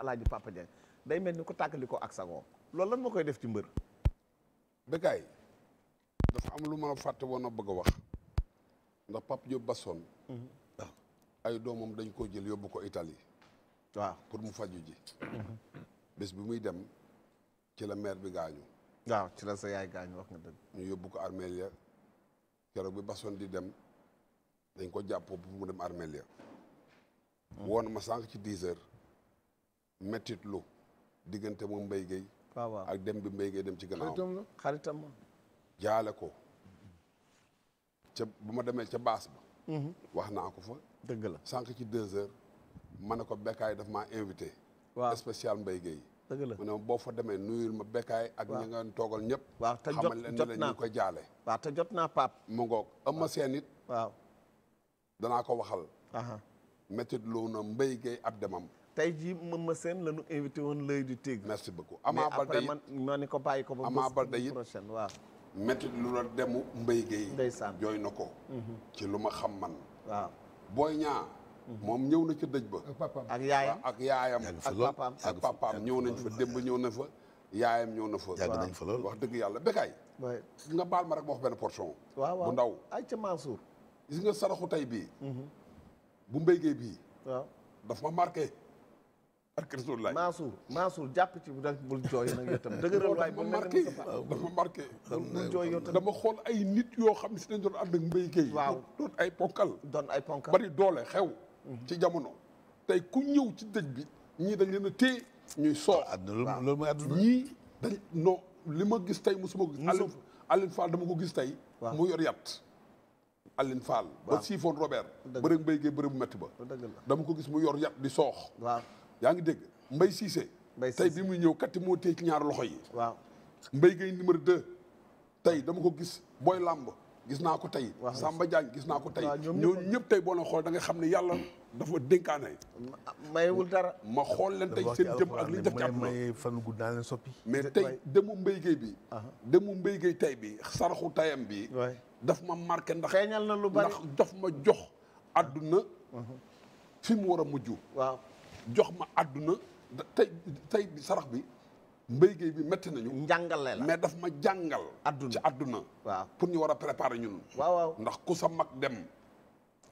alaaj Papa Diagne day mel ni ku tàkkali ko ak sagoom loolu lan moo koy def ci mbër Bécaye dafa am lu ma fàtte woon a bëgg a wax ndax Pape Diop Basson mm-hmm. ay doomam dañ koo jël yóbbu ko Italie waaw pour mu faju ji mm-hmm. bés muy dem ci la bi gaañu ci la sa yaay gaañu wax nga dëgg ñu yóbbu ko armeel ya keroog bi Basson di dem dañ ko jàppoo pour mu dem armeel ya mm-hmm. woon ma sànq ci dix heures méttit lu diggante moom Mbaye Gueye waaw ak dem bi Mbaye Gueye dem ci gannaaw xaritam jaale ko ca bu ma demee ca baas ba mhm. wax naa ko fa dëgg la sànq ci deux heures ma ne ko bekkaay daf ma invité waaw spécial Mbaye Gueye dëgg la boo fa demee nuyul ma bekkaay ak ñi nga toogal ñëpp waaw te jot xamal leen ne la ngi koy jaale waaw te jot naa pap mu ngoog ëmma seen it danaa ko waxal méttit lu na Mbaye Gueye ab demam tey jii Mama seen la ñu invité woon l'œil du tigre. merci beaucoup Ama Baldé mais après ni ko bàyyi ko ba. Ama Baldé it prochaine waaw. métti lu la demu Mbaye Guèye. ndeysaan jooy na ko. Mhm. ci lu ma xam man. booy Boy mhm. moom ñëw na ci dëj ba. ak papaam ak yaayam ak yaayam. ak papaam ak papaam ñëw nañ fa démb ñëw na fa. yaayam ñëw na fa. yàgg nañ fa wax dëgg yàlla békaay. nga baal ma rek ma wax benn portion. waaw waaw bu ndaw ay ca Mansour. gis nga saraxu tey bii. Mhm. bu Mbaye Guèye bii. waaw daf ma ak Rasulullah Mansour Mansour jàpp ci bu bul jooy nag dama xool ay nit yoo xam ne si dañ doon ànd ak mbéykay waaw doon ay ponkal doon ay ponkal bari doole xew mhm. ci jamono tey ku ñëw ci dëj bi ñii dañ leen a téye ñuy soox loolu ah, mooy àdduna ñii dañ non li ma gis tey musuma gis Aline Fall dama ko gis tey mu yor yat Aline Fall ba Siphon Robert bëri mbéy gee bëri bu métti ba dama ko gis mu yor yat di soox yaa ngi dégg Mbaye Cissé tey bi muy ñëw katti moo téye ci ñaari loxo yi waaw Mbaye Gueye numéro deux tey dama ko gis booy làmb gis naa ko tey sàmba Diagne gis naa ko tey ñooñu ñëpp tey boo leen xool da nga xam ne yàlla dafa dénkaane mayewul dara ma xool leen tey seen jëm ak li ñu def ci àdduna fan gudd naa leen soppi mais tey demu Mbaye Gueye bi demu Mbaye Gueye tey bi saraxu tayam bi daf ma marqué ndax xeeñal na lu bari ndax daf ma jox àdduna fi mu war a mujj jox ma àdduna tey tey sarax bi mbéy géey bi métti nañu. njàngale la mais daf ma jàngal. àdduna ci àdduna. waaw pour ñu war a préparer ñun. waaw ndax ku sa mag dem.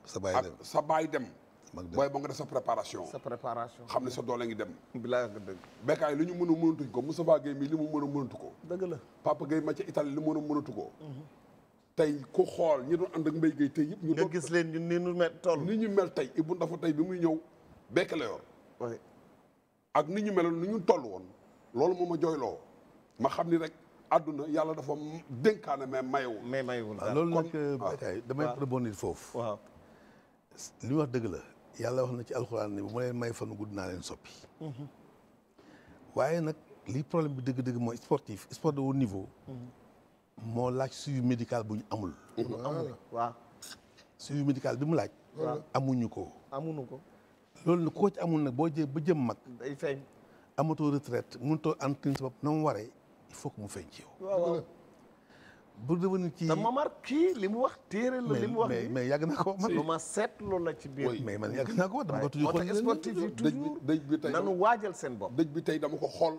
sa baay dem sa baay dem. booy ba nga def sa préparation. sa préparation xam ne sa doole ngi dem. bilaay nga dëgg. béykat yi li ñu mënu a mënatuñ ko Moustapha Guèye mii li mu mën a ko. dëgg la Papa Guèye ma ci Italie li mu mën ko. Mhm. tey ku xool ñu doon ànd ak mbéy géey tey yëpp. ñu doon gis leen ñun ni nu mel toll. ni ñu mel tey Ibou Ndafa tey bi muy ñëw bekk la ak nit ñu meloon ni ñu toll woon loolu moo ma jooyloo ma xam ni rek àdduna yàlla dafa dénkaane mais mayewul. mais mayewul ah, loolu nag euh, damay rebondir foofu. waaw li wax dëgg la yàlla wax na ci alxuraan ni bu ma leen may fan gudd naa leen soppi. Mhm. waaye nag li problème bi dëgg-dëgg mooy sportif sport de haut niveau. Mhm. moo laaj suivi médical bu ñu amul. Mhm. Ah. amul médical bi mu laaj. amuñu ko. amuñu ko. loolu nag koo ci amul nag boo jë ba jëm mag. day feeñ. amatoo retraite mënutoo entretien sa bopp na mu waree il faut mu feeñ ci yow. waaw bu demoon ci. dama mar kii li mu wax téere la. li mu wax mais mais yàgg naa ko man. lu ma seetlu la ci biir. mais man yàgg naa ko dama ko toujours xool sportif yi toujours dëj bi tey waajal seen bopp. dëj bi tey dama ko xool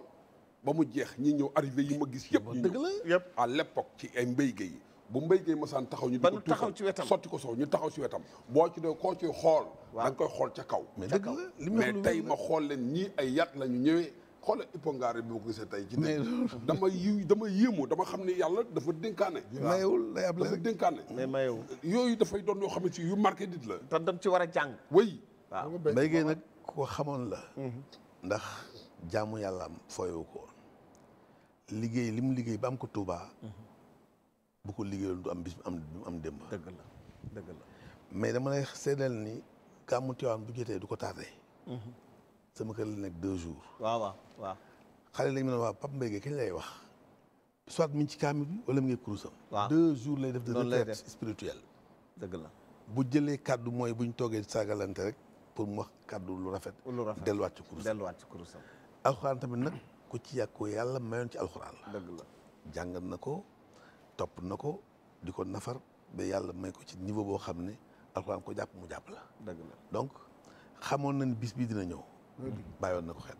ba mu jeex ñi ñëw arrivé yi ma gis yëpp. dëgg la yëpp à l'époque ci ay mbéy ga yi. bu Mbaye Gueye masaan taxaw ñu di ko taxaw ci wetam sotti ko sow ñu taxaw si wetam boo ci doo koo ciy xool da nga koy xool ca kaw mais dëgg la mais tey xool leen ñii ay yat la ñu ñëwee xoolal ipongaare bi ma ko gisee tey ci tey dama yiw dama yéemu dama xam ne yàlla dafa dénkaane mayewul lay ab dafa dénkaane yooyu dafay doon yoo xam ne ci yu marqué dit la te dañ ci war a jàng wéy waaw Mbaye Gueye nag ko xamoon la mhm. ndax jaamu yàlla am fooyu ko liggéey li mu liggéey ba am ko tuubaa mhm. bu ko liggéeyal du am bis am mais dama lay seedeel ni gàmmu Tiwaawan bu jotee du ko tardé. Mhm. sama kër la nekk deux jours. waaw waaw waaw. xale lañ a wax Pape Mbaye kañ lay wax. soit ci kaamil bi mi ngi kurusam. waaw deux jours lay def de retraite la bu jëlee kaddu mooy bu ñu toogee saagalante rek pour mu wax kàddu lu rafet. lu rafet delluwaat ci kurusam delluwaat ci kurusam. alxuraan tamit nag ku ci yàgg ko yàlla mayoon ci alxuraan la. dëgg la na ko. topp na ko di ko nafar ba yàlla may ko ci niveau boo xam ne alxuraan ko jàpp mu jàpp la. donc xamoon nañ bis bii dina ñëw. bàyyoon na ko xel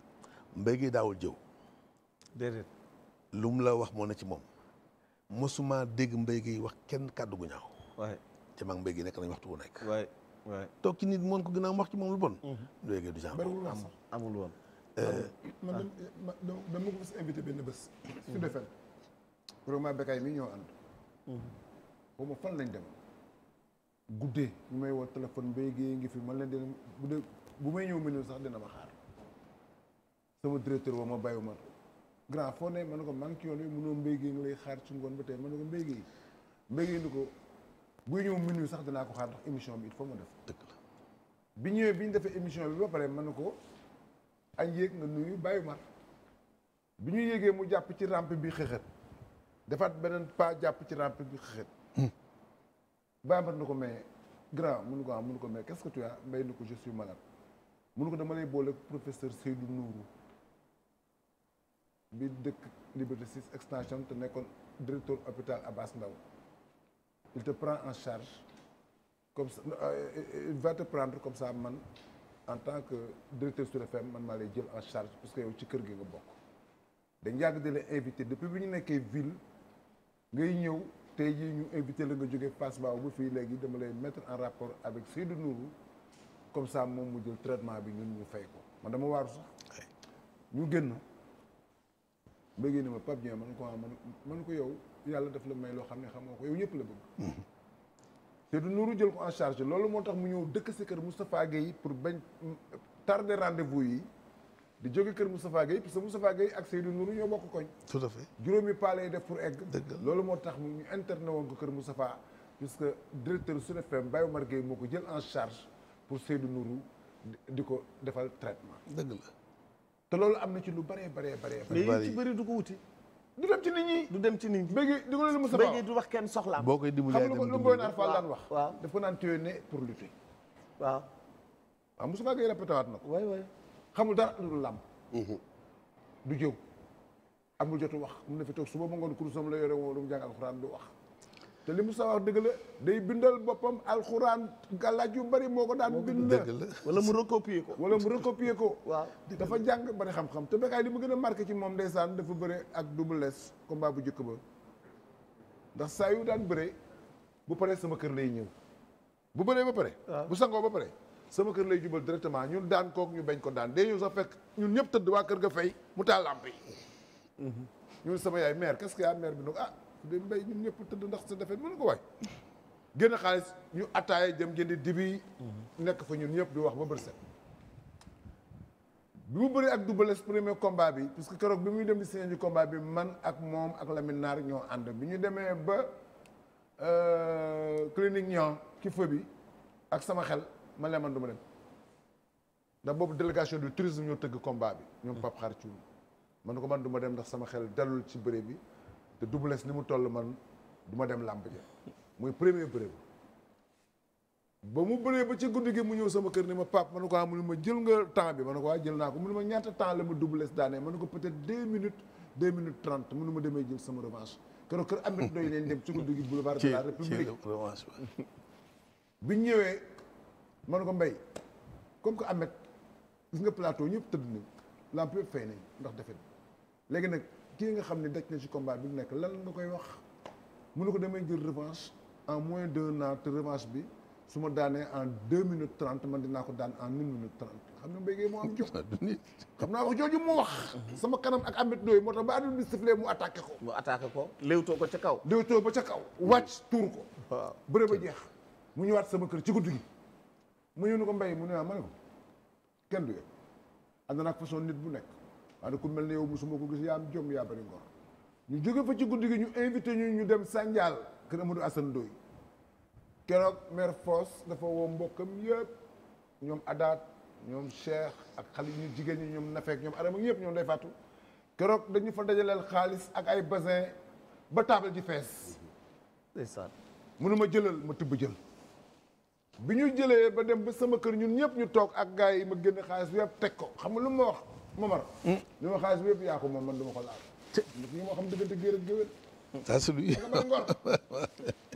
mbéy gi daawul jëw. déedéet. lu mu la wax moo ne ci moom mosuma dégg mbéy gi wax kenn kàddu gu ñaaw. waay te mag mbéy gi nekk nañ waxtu wu nekk. waay waay toog ci nit moon ko gën a wax ci moom lu bon. léegi mhm. du genre amul woon. Euh, man dama ko fas invité benn bés. keroog maa Bécaye mii ñoo ànd. xaw ma fan lañ dem guddee ñu may woo téléphone Mbaye Guèye ngi fi man leen dina bu dee may ñëw mënul sax dina ma xaar sama directeur woo ma bàyyi ma grand foo ne ma ne ko maa ngi ci yoon bi mënoo Mbaye Guèye nga lay xaar ci ngoon ba tey ma ne ko Mbaye Guèye Mbaye Guèye ni ko buy ñëw mënul sax dinaa ko xaar ndax émission bi il faut ma def. dëgg bi ñëwee bi ñu defee émission bi ba pare ma ne ko añ yéeg nga nuyu bàyyi ma bi ñu yéegee mu jàpp ci rampe bi xëxët. defaat beneen pas jàpp ci rampe bi xëxët bambar na ko mais grand mënu ko ah mënu ko mais qu'est-ce que tu mbay na ko je suis malade ko dama lay boole professeur Seydou Nourou bi dëkk Liberté 6 extension te nekkoon directeur hôpital Abass ndaw il te prend en charge comme ça euh, euh, il va te prendre comme ça man en tant que directeur Sud FM man maa lay jël en charge parce que yow ci kër gi nga bokk dañ yàgg di la invité depuis bi ñu nekkee ville ngay ñëw tey jii ñu invité la nga jóge Fass Mbao bu fii léegi dama lay mettre en rapport avec Seydou Nourou comme ça moom mu jël traitement bi ñun ñu fay ko man dama waaru sax ñu génn mbéggee ni ma Pape Dieng man ko ah man ko yow yàlla def la may loo xam ne xamoo ko yow ñëpp la bëgg mhm. Seydou Nourou jël ko en charge loolu moo tax mu ñëw dëkk si kër Moustapha Guèye pour bañ tarder rendez-vous yi di jóge kër Moustapha Gueye parce que Moustapha Gueye ak Seydou Nourou ñoo bokk koñ. tout à fait juróomi paa lay def pour egg. dëgg loolu moo tax mu nu interné woon ko kër Moustapha. puisque directeur Sud FM Baye Omar Gueye moo ko jël en charge pour Seydou Nourou di ko defal traitement. dëgg la te loolu am na ci lu bëree bëree bëree. mais ci bëri du ko wuti. du dem ci nit ñi du dem ci nit ñi. béykat di nga leen Moustapha béykat yi wax kenn soxla boo koy dimbalee ak dem xam nga lu Mboye Naar Fall daan wax. waaw daf naan téye ne pour lutter. waaw. waaw ah, Moustapha Gueye na ko. waay xamul dara lu làmb mhm. du jëw amul jotu wax mun na fi toog suba ma ngoon kurusam la yore woo lu mu jàng alxuraan du wax te li Moussa wax dëgg la day bindal boppam alxuraan gàllaaj yu bari moo ko daan bind wala mu recopier ko wala mu recopier ko waaw dafa jàng bari xam-xam te Bécaye li mu gën a marqué ci moom ndeysaan dafa bëre ak Double Less combat bu jëkk ba ndax saa yu daan bëre bu pare sama kër lay ñëw bu bëree ba pare bu sangoo ba pare sama kër lay jubal directement ñun daan kook ñu bañ ko daan dee ñu sax fekk ñun ñëpp tëdd waa kër ga fay mu taal lamp yi mhm. ñun sama yaay maire quest que yaa maire bi nag ah de mbay ñun ñëpp tëdd ndax sa defet mën ko waay génn xaalis ñu attaaya jëm jëndi dibi mhm. nekk fa ñun ñëpp di wax ba bër set bi mu bëri ak doubles premier combat bi que keroog bi muy dem di signé ñu combat bi man ak moom ak Lamine Naar ñoo ànd bi ñu demee ba euh, clinique ñoo ki fa bi ak sama xel man leen man du ma dem ndax boobu délégation du tourisme ñoo tëgg combat bi ñoom Pape Xar Cuun man ko man du dem ndax sama xel dalul ci bëre bi te Double Less ni mu toll man du ma dem làmb ja mooy premier bëre ba mu bëree ba ci guddi gi mu ñëw sama kër ni ma pap ma ne ko ah mu ma jël nga temps bi ma ne ko waa ah, jël naa ko mu ne ma ñaata temps la ma Double Less daanee ma ne ko peut-être deux minutes deux minutes trente mu ma demee jël sama revanche keroog kër Ameth doy leen dem ci bi ñëwee man ko mbay comme que Ahmed gis nga plateau ñëpp tëdd na lamp yëpp fay nañ ndax defet léegi nag kii nga xam ne daj na ci combat bi mu nekk lan nga koy wax mu ne ko damay jël revanche en moins d'un an te bi su ma daanee en deux minutes trente man dinaa ko daan en une minute trente xam ne mbéy moo am jox xam naa wax jooju mu wax sama kanam ak Ahmed Ndoye moo tax ba adul bi sifflé mu attaqué ko mu attaqué ko léewtoo ko ca kaw léewtoo ba ca kaw wàcc tuur ko waaw bëre ba jeex mu ñëwaat sama kër ci guddi gi mu yónni ko mbay mu ne ma ne ko kenn du yow ànd naag façon nit bu nekk waaye ku mel ne yow musuma ko gis yaa am jom yaa bari ngor ñu jóge fa ci guddi gi ñu invité ñu ñu dem Sandial kër Amadou Assane Ndoye keroog maire Foss dafa woo mbokkam yëpp ñoom Adaat ñoom Cheikh ak xale ñu jigéen ñi ñoom Nafeek ñoom Adama ñëpp ñoom day fàttu keroog dañu fa dajaleel xaalis ak ay basin ba taabal ji fees. ndeysaan mënu ma jëlal ma tibb jël. bi ñu jëlee ba dem ba sama kër ñun ñëpp ñu toog ak gars yi ma génn xaalis bi yëpp teg ko xam nga lu ma wax Momar. Hmm. li ma xaalis bi yëpp yaa ko moom man du ma ko laal. moo xam diggante géer ak géwél. saa su du ngor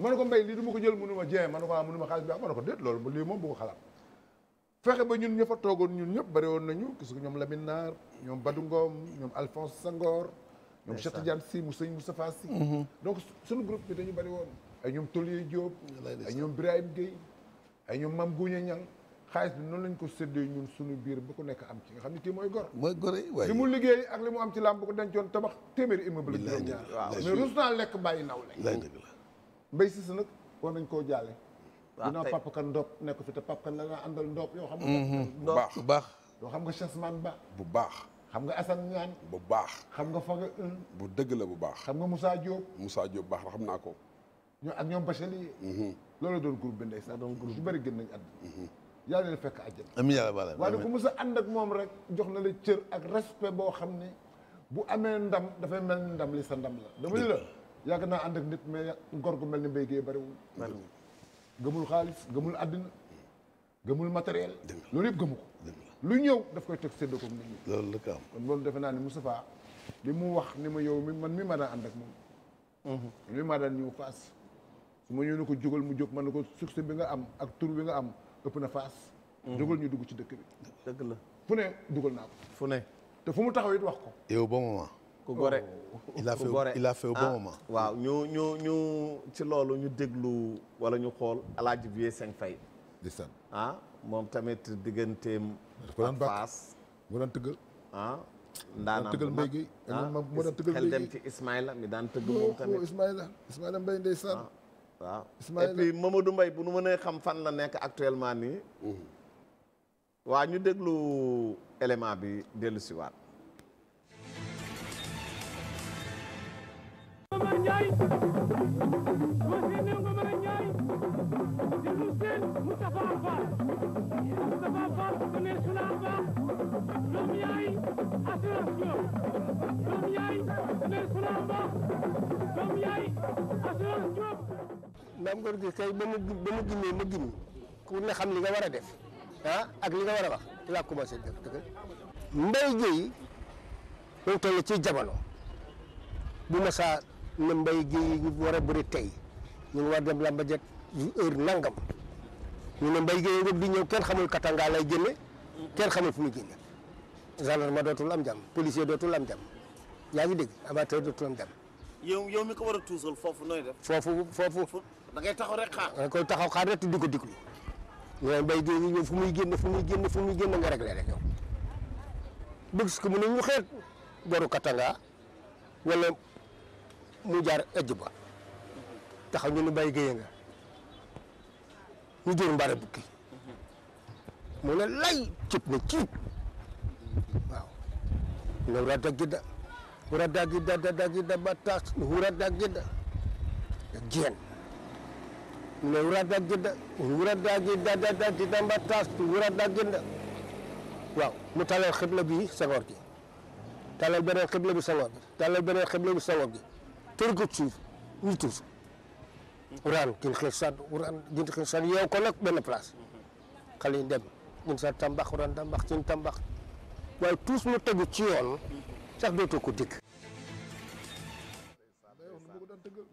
ma ne ko mbay lii du ma ko jël mënu ma jeex ma ne ko ah mënu ma xaalis bi ah ko déet loolu lii moom bu ko xalaat. fexe ba ñun ña toogoon ñun ñëpp bari woon nañu gis nga ñoom Lamine Naar ñoom Badou Ngom ñoom Alphonse Sangor. ñoom Cheikh Tidiane Sy mu sëñ Moustapha Sy mm-hmm. donc suñu groupe bi dañu bari woon. ay ñoom Tolier Diop. ay ñoom Birahim Gueye ay ñoom maam guñe ñang xaalis bi noonu lañ ko séddee ñun suñu biir bu ko nekk am ci nga xam ne kii mooy gor mooy gore waaye li mu liggéey ak li mu am ci làmb bu ko dencoon tabax téeméeri immeuble la ñaar waaw mais rus naa lekk bàyyi mbay si sa nag nañ koo jaale dinaa papa kan ndoop nekk fi te papa kan la àndal ndoop yoo xam nga mm-hmm. baax bu baax yoo xam nga chasman ba bu baax xam nga Assane Niane bu baax xam nga Faga bu dëgg la bu baax xam nga Moussa Diop Moussa Diop baax la xam naa ko ñoo ak ñoom Bacheli mm-hmm. loolu doon groupe bi sa ndeysaan su bëri gën nañ àddina mhm. yàlla leen fekk àjjana amiin yàlla bala waaye ku mës sa ànd ak moom rek jox na la cër ak respect boo xam ne bu amee ndam dafay mel ni ndam li sa ndam la dama li la yàgg naa ànd ak nit mais góor gu mel ni mbéy gee bëriwul gëmul xaalis gëmul àddina gëmul matériel loolu yëpp gëmu ko lu ñëw daf koy teg séddoo ko nit ñi loolu la ko am kon loolu defe naa ne Moustapha li mu wax ni ma yow mi man mi ma daan ànd ak moom li mhm. mu ñu na ko jógal mu jóg man na ko succès bi nga am ak tur bi nga am ëpp na faas mhm. jógal ñu dugg ci dëkk bi dëgg la fu ne dugal naa ko fu ne te fu mu taxaw it wax ko et au bon moment ku gore oh. il a fait il a ah, waaw ñu ñu ñu ci loolu ñu déglu wala ñu xool alaaji Vieux Seng fay ndeysaan ah, moom tamit digganteem ak faas mu daan tëggal ah ndaanaan tëggal mbéy gi ah, moo daan tëggal xel dem ci Ismaïla mi daan tëgg moom tamit Ismaïla Ismaïla Mbaye ndeysaan waaw et puis Mamadou mbay bu nu mënee xam fan la nekk actuellement nii. Mm-hmm. waa ñu déglu élément bi dellu si assurance Diop doom yaay Ndeye Souleye Ba doom yaay assurance Diop. maam góor gi kay ba mu ba mu gimmee ma gimmi ku ne xam li nga war a def ah ak li nga war a wax ci laa commencé dëgg dëgg mbay géey mu ci jamono bu ma mbay géey yi war a bëri tey ñu ngi war dem lamba jet heure nangam ñu ne mbay géey yëpp di ñëw kenn xamul katanga lay génne kenn xamul fu mu génne. gendarme dootul am jàmm policier dootul am jàmm yaa ngi dégg amateur dootul am jàmm. yow yow mi ko war a tuusal foofu nooy def. foofu foofu. da ngay taxaw rek xaar. koy taxaw xaar rek di ko déglu. mais mbay gi ñoom fu muy génn fu muy génn fu muy génn nga réglé rek yow. bëgg su ko mën a ñu xeet boru katanga wala mu jaar ëjj ba taxaw ñu ne Mbaye Guèye nga ñu jur mbaare bukki mu ne lay cib na cib. waaw hura daggida hura daggida daggida batak hura daggida geen ne hura daggida hura daggida daggida batak hura waaw mu talal xibla bi sangoor gi talal beneen xibla bi sangoor gi talal beneen xibla bi gi tër ko suuf ñu tuuf uraan gin xeex sad uraan gin xeex sad yeew ko nag benn place mm-hmm. xale yi gin sa tambax uraan tambax cin tambax waaye tuus lu tegu ci yoon sax dootoo ko dikk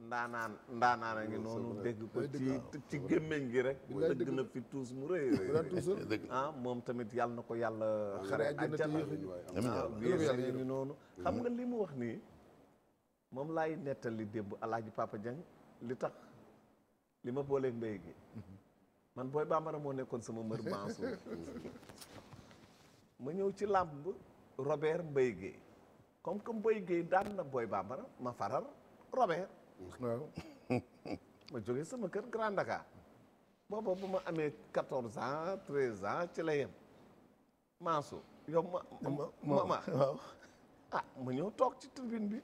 ndaanaan ndaanaan a ngi noonu dégg ko ci ci gi rek dëgg na fi tuus mu rëy ah, moom tamit yàlla na ko yàlla xare àjjana yéesal ah, yi noonu xam nga li mu wax nii moom laay nettali démb alaaji Papa Dieng li tax li ma booleeg mbéy mhm. man booy bambara moo nekkoon sama mër Mansour ma ñëw ci làmb Robert Mbaye Guèye comme que Mbaye Guèye daan na Boy Bambara ma faral Robert. waaw ma jógee sama kër Grand Dakar booba bu ma amee quatorze ans treize ans ci la yem maasu yow ma ma ma ah ma ñëw toog ci tribune bi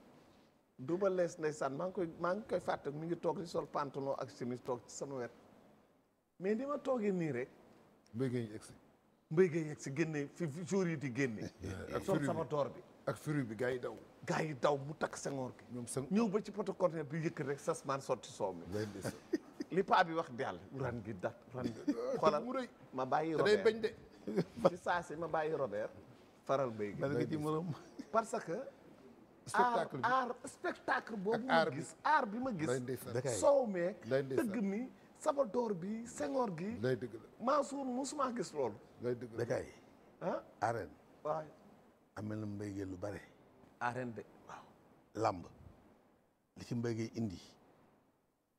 duba lees ndeysaan maa ngi koy maa ngi koy mi ngi toog di sol pantalon ak chemise toog ci sama wet mais ni ma toogee ni rek. mbéy gay yegg si génne fi jour di génne. ak sol sama toor bi. ak firi bi gars yi daw. gars yi daw mu takk sengoor gi. ñoom sën ñëw ba ci poto conteneur bi yëkkat rek sas maan sotti soow mi. li paa bi wax dell. ran gi dat ran gi xoolal ma bàyyi Robert bañ de. ci saa si ma bàyyi Robert. faral mbéy gi nga ci moroom parce que. spectacle bi aar spectacle boobu ma gis aar bi ma gis. soow meek tëgg mi. Sabador bi Senghor gi. day dëgg la Mansour musuma gis loolu. day dëgg la Bécaye. ah arène. waaw am na mbéy lu bare. arène de waaw. làmb li ci mbéy indi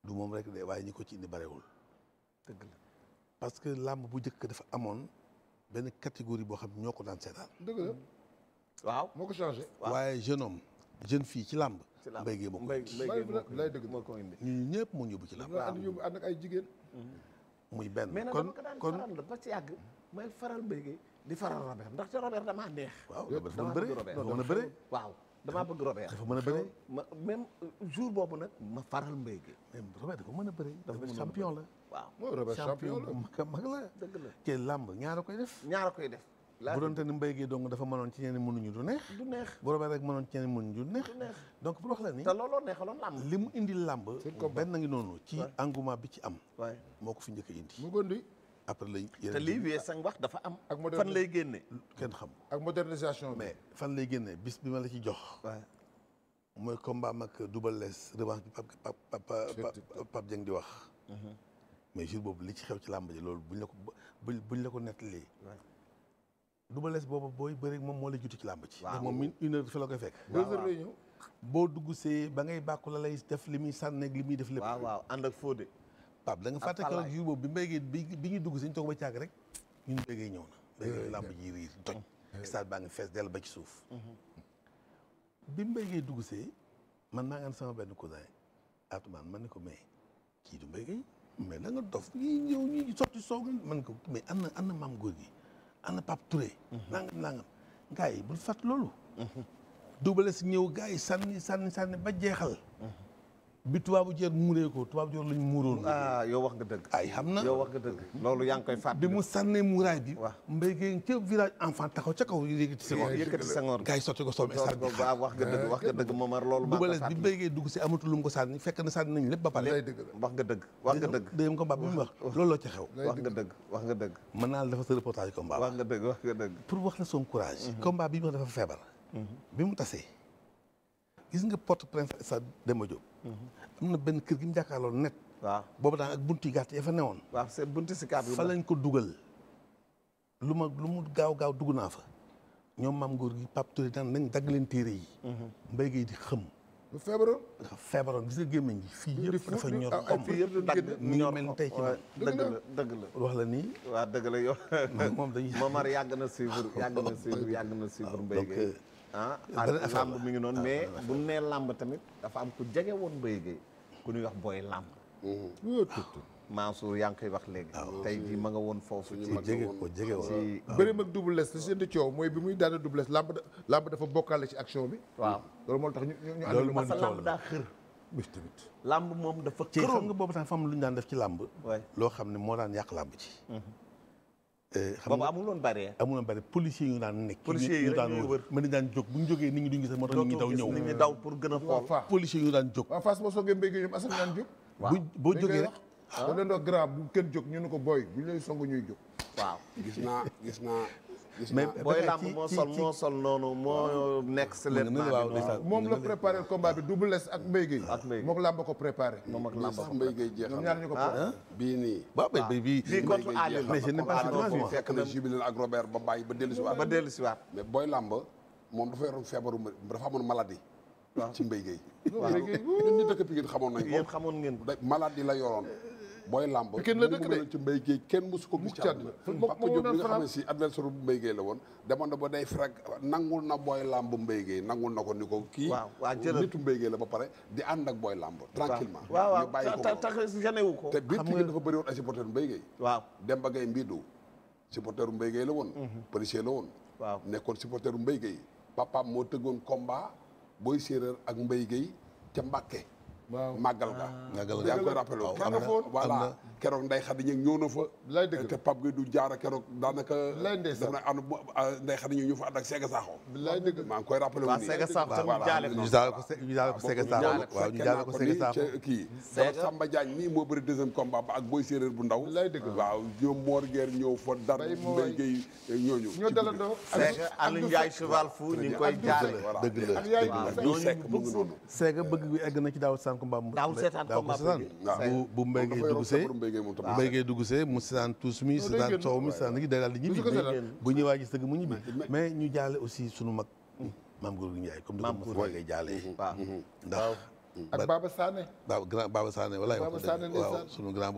du moom rek de waaye ñi ko ci indi barewul. dëgg parce que làmb bu njëkk dafa amoon benn catégorie boo xam ñoo ko daan seetaan. dëgg mm. waaye jeune homme jeune fille ci làmb. ci làmb mbéy gi moo lay dëgg moo ko indi ñun ñëpp moo yóbbu ci làmb ànd yóbbu ànd ak kon kon mm-hmm. mais nag ba ci yàgg may faral mbéy gi di faral Robert ndax ci Robert damaa neex da dafa mën a bëre dafa mën a bëre waaw damaa bëgg Robert dafa mën a bëre ma même jour boobu na ma faral mbéy gi même Robert dafa mën a bëre dafa champion la waaw la Robert champion bu mag a mag la dëgg la ci làmb ñaara koy def bu doon te ni mbéy gi dong dafa mënoon ci ñeneen mënuñu du neex. du neex bu rek mënoon ci ñeneen mënuñu du neex. donc pour wax la ni. te looloo neexaloon làmb. li mu indi làmb. benn ngi noonu. ci engouement bi ci am. waay moo ko fi njëkk a indi. mu gondi après lay te lii wee sang wax dafa am. ak fan lay génne. kenn xam ak modernisation mais fan lay génne bis bi ma la ci jox. mooy combat mag Double Less revanche bi Pape Pape Pape Dieng di wax. Mhm. mais jour boobu li ci xew ci làmb ji loolu buñ la ko buñ la ko nettalee Double Less boobu booy bëri moom moo lay juti ci làmb ci ndax moom une heure fa boo dugg see ba ngay bàkku la lay def li muy sànneeg li muy def lépp waaw waaw ànd ak Fodé da nga fàtte keroog jour boobu bi bi bi ñuy dugg si ñu toog ba càgg rek ñun mbéygee ñëw na mbéygee làmb ji riir baa ngi fees dell ba ci suuf mm-hmm. bi mbéygee dugg see man maa ngi sama benn cousin Atoumane man ni ko mais kii du mbéygee mais da nga dof ñi ñëw ñi sotti soow man ko mais am na am na maam góor ana Pape Touré. nangam nangam gars yi bul fàtt loolu. Double Less ñëw gars yi sànni sànni sànni ba jeexal. bi tubaabu jeer muuree ko tubaabu joor lañ muuroon. Ah, wax nga dëgg. ay na wax nga loolu yaa ngi bi mu sànnee muuraay bi. waaw mbéy gi ca village kaw yi sotti ko soom esar bi wax wax nga dëgg Momar loolu dubalees bi mbéy gi dugg si amatul lu mu ko sànni fekk na sànni nañ lépp ba pare wax nga dëgg wax nga dëgg dém ko mbaa bi mu wax loolu la ca xew wax nga dëgg wax nga dëgg sa reportage combat wax mhm. mhm. tasee gis nga porte prince sa Demba Diop Mm-hmm. am na benn kër gi mu jàkkaarloo net. waaw boobu daan ak buntu gàtt ya fa newoon. waaw c'est buntu si kaat fa lañ ko dugal. lu ma lu mu gaaw gaaw dugg naa fa. ñoom maam góor gi Pape Touré daan nañ dagg yi. Mm-hmm. mbéy gi di xëm. lu feebaroon. dafa feebaroon gis nga gémmiñ gi fii ah, la dëgg la wax la nii waaw dëgg la yow moom dañuy Momar yàgg na suivre yàgg na suivre yàgg na suivre ah, mbéy gi ah làmb mi ngi noonu ah, mais bu nee làmb tamit dafa am ku jege woon Mbaye Gueye ku ñuy wax booy làmb mm-hmm. Mansour yaa ngi koy wax léegi ah, tey jii ma nga woon foofu ci jege ko jege woon bërim ak Double Less li seen di coow mooy bi muy daana Double Less làmb làmb dafa bokkaale ci action bi waaw loolu moo tax ñu ñu ah, ànd parce que làmb daa xër bis tamit làmb moom dafa xëroon nga boobu tax fa am lu ñu daan def ci làmb loo xam ne moo daan yàq làmb ci mm-hmm. Euh, xam nga amul woon bari amul woon bari policiers yu daan nekk. policiers mën nañu daan jóg bu ñu jógee nit ñi duñ gis moo tax nit ñi daw ñëw. nit ñi daw pour gën a xool policiers yu daan jóg. boo jógee rek. da leen doon grand bu kenn jóg ñu ne ko booy bu ñu lay song ñuy jóg. waaw gis naa gis na mais booy làmb moo sol moo sol noonu moo nekk si leen moom la préparé combat bi Double Less ak Mbaye Gueye ak Mbaye moom làmb ko préparé moom ak làmb ko Mbaye Gueye jeexal ñoom ñaar ñu ko ah? bii nii waaw ah, ak Robert ba ba dellu si ba dellu si waat mais booy moom dafa yoroon feebaru dafa amoon maladie ci Mbaye Gueye ñun ñu dëkk Pikine xamoon nañ ko xamoon ngeen ko maladie la yoroon booy làmb kenn la dëkk de ci mbay géey kenn mosu ko gis ci àdduna Papa Diop bi nga xam ne si adversaire bu mbay géey la woon demoon na ba day frag nangul na booy làmb mbay géey nangul na ko ni ko kii nitu mbay géey la ba pare di ànd ak booy làmb tranquillement waaw waaw bàyyi ko tax genewu ko te biir Pikine dafa bëri woon ay supporter mbay géey waaw Demba Gaye Mbidou supporter mbay géey la woon mm-hmm. policier la woon waaw nekkoon supporter mbay géey papaam moo tëggoon combat booy séeréer ak mbay géey ca Mbàkke Ah. màggal ga yaa ngi koy rappelé am na voilà keroog nday xadi ñëg ñëw na fa lay dëgg te Pape Gueye du jaara keroog daanaka daf na ànd ah, nday xadi ñëw ñu fa ànd ak Sega ko ñu jaale ko Sega ah, Sakho waaw ñu jaale bu ndaw lay dëgg waaw ñoom Mor Guèye ñëw fa dar Mbaye Guèye eh, ñooñu ñoo dalandoo Sega Aliou Ndiaye cheval fou ñu ngi koy jaale dëgg la dëgg la ñu bëgg bi egg na ci daawul seetaan combat bu bu Mbaye dugg see béykat moom tamit. béykat dugg see mu seetaan tuus mi seetaan soow mi di ñibbi bu ñuy waaj sëgg mu ñibbi mais ñu jaale aussi sunu mag mm. maam Góor gi Njaay comme mm-hmm. Mm-hmm. ndax mm-hmm. ak Baba Sané ba grand Baba Sané walaay wax waaw sunu grand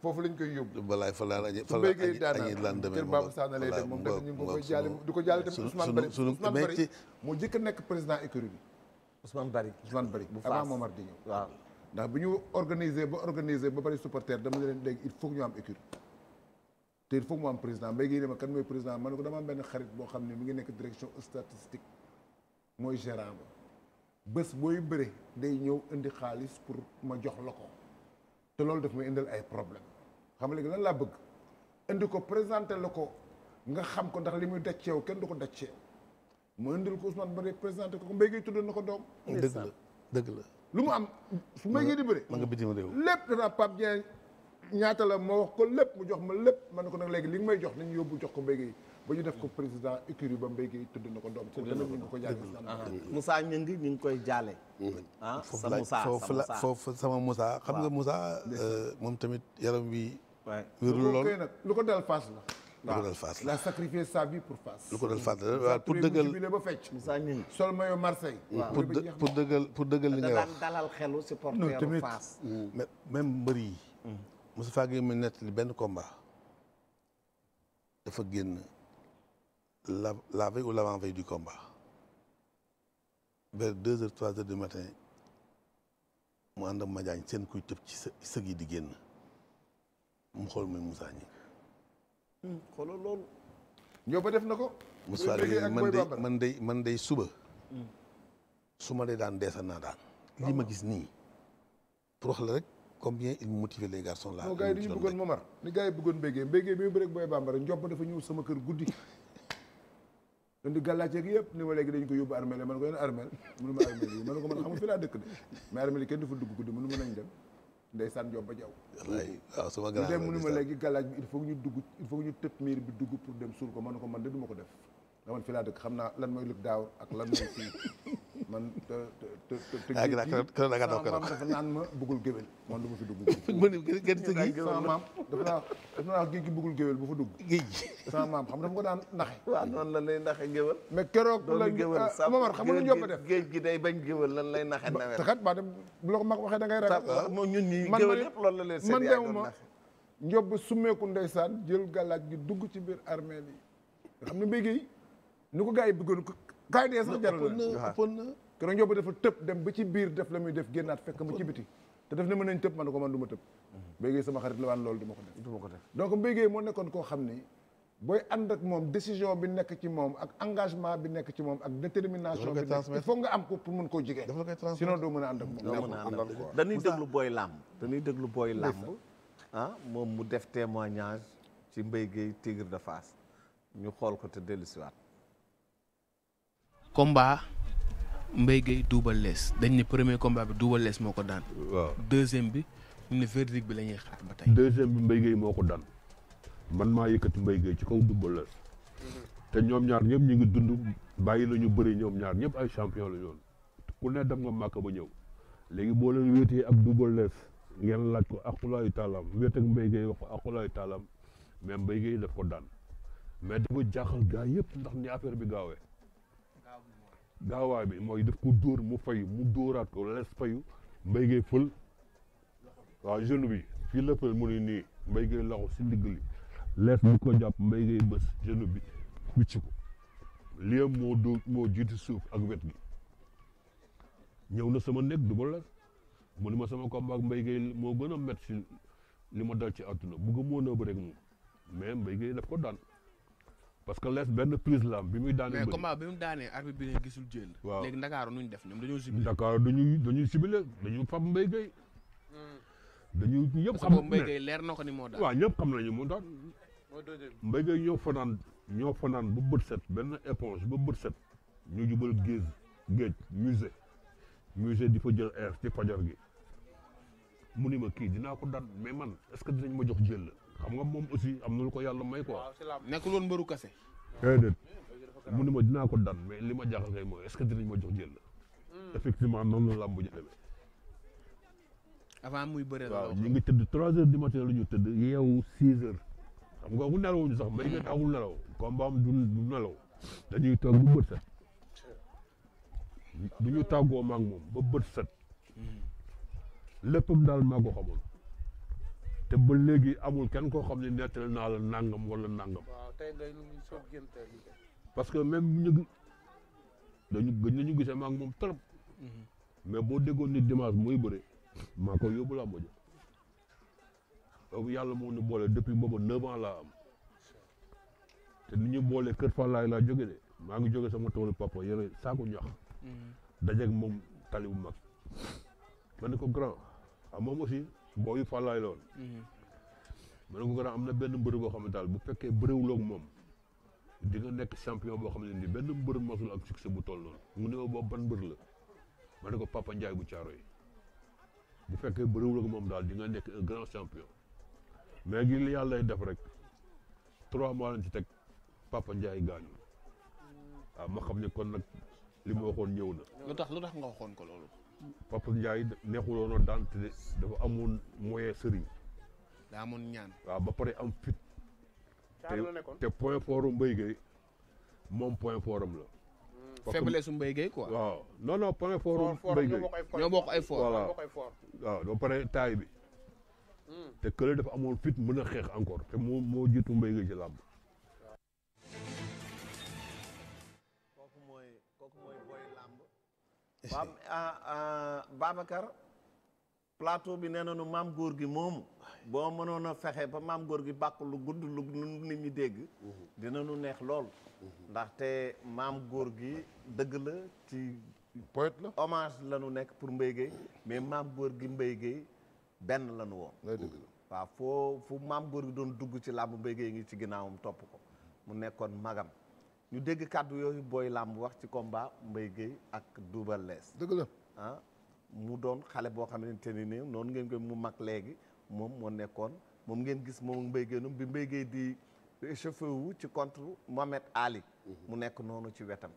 bu koy yóbbu balaay fa laa añu fa laa añu lan jaale di ko jaale tamit Ousmane Bari Ousmane Bari moo jëkk nekk président écurie bi Ousmane Bari Ousmane bu avant ndax bu ñu organiser ba organiser ba bari supporter dama leen léegi il faut ñu am équipe te il faut mu am président mbéy gi ma kan mooy président ma ko dama am benn xarit boo xam ne mi ngi nekk direction statistique mooy gérant ba bës booy bëre day ñëw indi xaalis pour ma jox la ko te loolu daf may indal ay problème xam léegi lan laa bëgg indi ko présenté la ko nga xam ko ndax li muy dacceew kenn du ko dacceew mu indil ko Ousmane Bari présenté ko mbay gi tudd na ko doom dëgg la dëgg la lu mu am fu may ngi di bëri. man nga bitim réew lépp danaa Pape Dieng ñaata la moo wax ko lépp mu jox ma lépp ma ne ko nag léegi li nga may jox nañu yóbbu jox ko Mbaye Guèye ba ñu def ko président écurie ba Mbaye Guèye tudd na ko doom ko tamit ñu ngi ko jaale ñu ngi ñu ngi koy jaale ah sa Moussa foofu la foofu sama Moussa xam nga Moussa euh, moom tamit yaram wi wérul lool nag lu ko dal paas la lu ko dal Fass la sacrifié sa vie pour Fass. lu ko dal Fass waaw pour dëggal ba fecc. Moussa Ngingue sol maillot Marseille. pour pour dëggal pour dëggal li nga wax dalal xelu supporteru Fass. Mm. même mbër yi. Moustapha Guèye mu nett li benn combat. dafa génn la la veille ou l'avant veille du combat. vers deux heures du matin mu ànd ak Madiagne seen kuy tëb ci sëg yi di génn mu xool muy Moussa Ngingue. xoolal loolu. ñoo ba def na ko. Moussa Gueye man de man de man de suba. Hmm. su ma dee daan deesal naa daan. Ah. li ma gis nii. pour wax la rek combien il motive les garçons là. non gars yi dañu bëggoon Momar ni gars yi bëggoon Mbengue sama kër guddi. donc di gàllaaceeg ni ma léegi ko yóbbu armel man ma armel man ko man xam fi laa dëkk de mais armel yi kenn dafa dugg guddi mënu ma nañ dem. ndeysaan Jomba Jaw wallaay waaw sama grand dem mënuma léegi galaaj bi il faut ñu dugg il faut ñu tëb miir bi dugg pour dem suul ko man ko man de duma ko def man fii laa dëkk xam naa lan mooy Luc Daaw ak lan mooy fii man te te te. a a gànnaaw keroog dafa naan ma bëggul géwél man du ma fi dugg. ma ne géej gi bu fa dugg. géej gi sama xam dafa ko daan naxe. waaw noonu lan lay naxe géwél. mais keroog la ah, Momar xam nga lu ñu yóbbu def géej gi day bañ géwél lan lay naxe nawet. te kat bu la ko mag waxee da ngay ragal. waaw ah, moom ñun ñii géwél yëpp loolu la leen seen yaay doon naxe man deewuma summeeku ndeysaan jël galaaj gi dugg ci biir armée yi xam ne mbéy nu ko gars yi bëggoon gars yi dee sax jaral na ëppoon na keroog njobu dafa ba ci biir def la muy def génnaat fekk ma ci biti te def ne mën nañ ko man du ma tëb béygee sama xarit la waan loolu du ko def du ma ko def koo xam ni booy ànd ak moom décision bi nekk ci moom ak engagement bi nekk ci moom ak détermination bi nekk il faut nga am ko pour mën koo jigee sinon doo mën a ànd ak moom dañuy déglu booy làmb dañuy déglu booy làmb ah moom mu def témoignage ci Mbaye Guèye Tigre de Fass ñu xool ko te dellusiwaat combat Mbaye Gueye Double Less dañ ne premier combat bi Double Less moo ko daan. waaw deuxième bi ñu ne verdict bi la ñuy xaar ba tey. deuxième bi Mbaye moo ko daan man maa yëkkati Mbaye Gueye ci kaw Double Less mhm. te ñoom ñaar ñëpp ñu ngi dund bàyyi la ñu bëri ñoom ñaar ñëpp ay champion la ñoon ku ne dem nga màkk ba ñëw léegi boo leen wéetee ak Double Less ngeen laaj ko akulaayu taalam wéet ak Mbaye Gueye wax ko akulaayu taalam mais Mbaye Gueye daf ko daan mais dafa jaaxal gaa yëpp ndax ni affaire bi gaawee. daawaay bi mooy daf ko dóor mu fayu mu dóoraat ko les fayu mbéy ngay fël waaw jeune bi fii la mu nii mbéy ngay laxu si ndigg li lees mu ko jàpp mbéy ngay bës jeune bi wicc ko liem moo dóor moo jiitu suuf ak wet gi ñëw na sama nekk du lees mu ne ma sama combat ak mbéy moo gën a métti si li ma dal ci àdduna bëgg moo na ba rek moom mais mbéy ngay ko daan parce que lees benn prise la bi muy daanee. mais combat bi mu daanee arbitre bi ne gisul jël. waaw léegi Ndakaaru nu ñu def ñoom dañoo sibilé. Ndakaaru dañuy dañuy sibilé dañuy fab Mbaye Gueye. Hmm. dañuy ñëpp xam ne Mbaye Gueye leer na ni moo ñëpp xam nañu moo daan. Mbaye Gueye ñoo fanaan ñoo fanaan ba bët set benn éponge ba bët set ñu jubal géej géej musée musée di fa jël air ci fajar gi mu ni ma kii dinaa ko daan mais man est-ce que dinañ ma jox jël la. xam nga moom aussi am na ko yàlla may quoi. nekkul woon mbëru kase. déedéet eh, mu ne ma dinaa ko daan mais li ma jaaxal kay mooy est ce que dinañ ma jox jël hmm. effectivement noonu la làmb ji demee. avant muy bëre la waaw ngi tëdd trois heures di matin la ñu tëdd yeewu six heures. xam nga ku nelawuñu sax mbéy mi taxul nelaw combat am du du nelaw dañuy toog bu bët set bu ñu tàggoo ma ak moom ba bët set hmm. léppam daal maa ko xamoon. te ba léegi amul kenn koo xam ne nettali naa la nangam wala nangam. waaw tey day soog gënte parce que même ñu dañu gëj ñu gisee ma ak moom trop. Mhm. mais boo déggoon ni dimanche muy bëre maa ko yóbbu laa mujj. yàlla moo ñu boole depuis boobu neuf ans laa am te ni ñu boole Kër Fallaay laa joge de maa ngi jóge sama toolu papa yore saako ñax. Mhm. dajeeg moom tali bu mag. ma ko grand ah moom boo booy fàllaay loolu. Mhm. ma ne ko gën a am na benn mbër boo xam ne daal bu fekkee bëriwuloo ak moom di nekk champion boo xam ne ni benn mbër mosul am succès bu toll noonu mu ne ma boobu ban mbër la ma ne ko Papa Ndiaye bu caaro yi bu fekkee bëriwuloo ak moom daal di nga nekk un grand champion. mais gi li yàlla lay def rek trois mois lañ ci teg Papa njaay gaañu waaw mm. ah, ma xam ne kon nag li mu waxoon ñëw na. lu tax lu tax nga waxoon ko loolu. Papa Ndiaye neexuloon a daan te dafa amoon moyen sëriñ. daa amoon ñaan. waaw ba pare am fit. te point fort u Mbaye Gueye moom point fort la. Hmm. faiblesse su Mbaye ko quoi. waaw non non point fort u Mbaye ñoo bokk ay fort waaw ba pare taay hmm. te kële dafa amoon fit mën a xeex encore te moo moo jiitu Mbaye Gueye ci làmb. waaw ah, ah, Babacar plateau bi nee nañu maam góor gi moomu boo mënoon a fexe ba maam góor gi bàkk lu gudd lu nit ñi dégg mhm. dinañu neex lool mhm. ndaxte maam góor gi dëgg la ci poète la hommage la nekk pour Mbaye Guèye mais maam góor gi mbay Guèye benn la nu woon waaw foo fu maam góor gi doon dugg ci làmb Mbaye Guèye ngi ci ginnaawam topp ko mu nekkoon magam ñu dégg kàddu yooyu booy làmb wax ci combat Mbaye Guèye ak Double Less dëgg la ah, mu doon xale boo xamante ne ni noonu ngeen koy mu mag léegi moom moo nekkoon moom ngeen gis moom Mbaye Guèye noonu bi Mbaye di échauffé ci contre Mohamed Ali mhm. mu nekk noonu ci wetam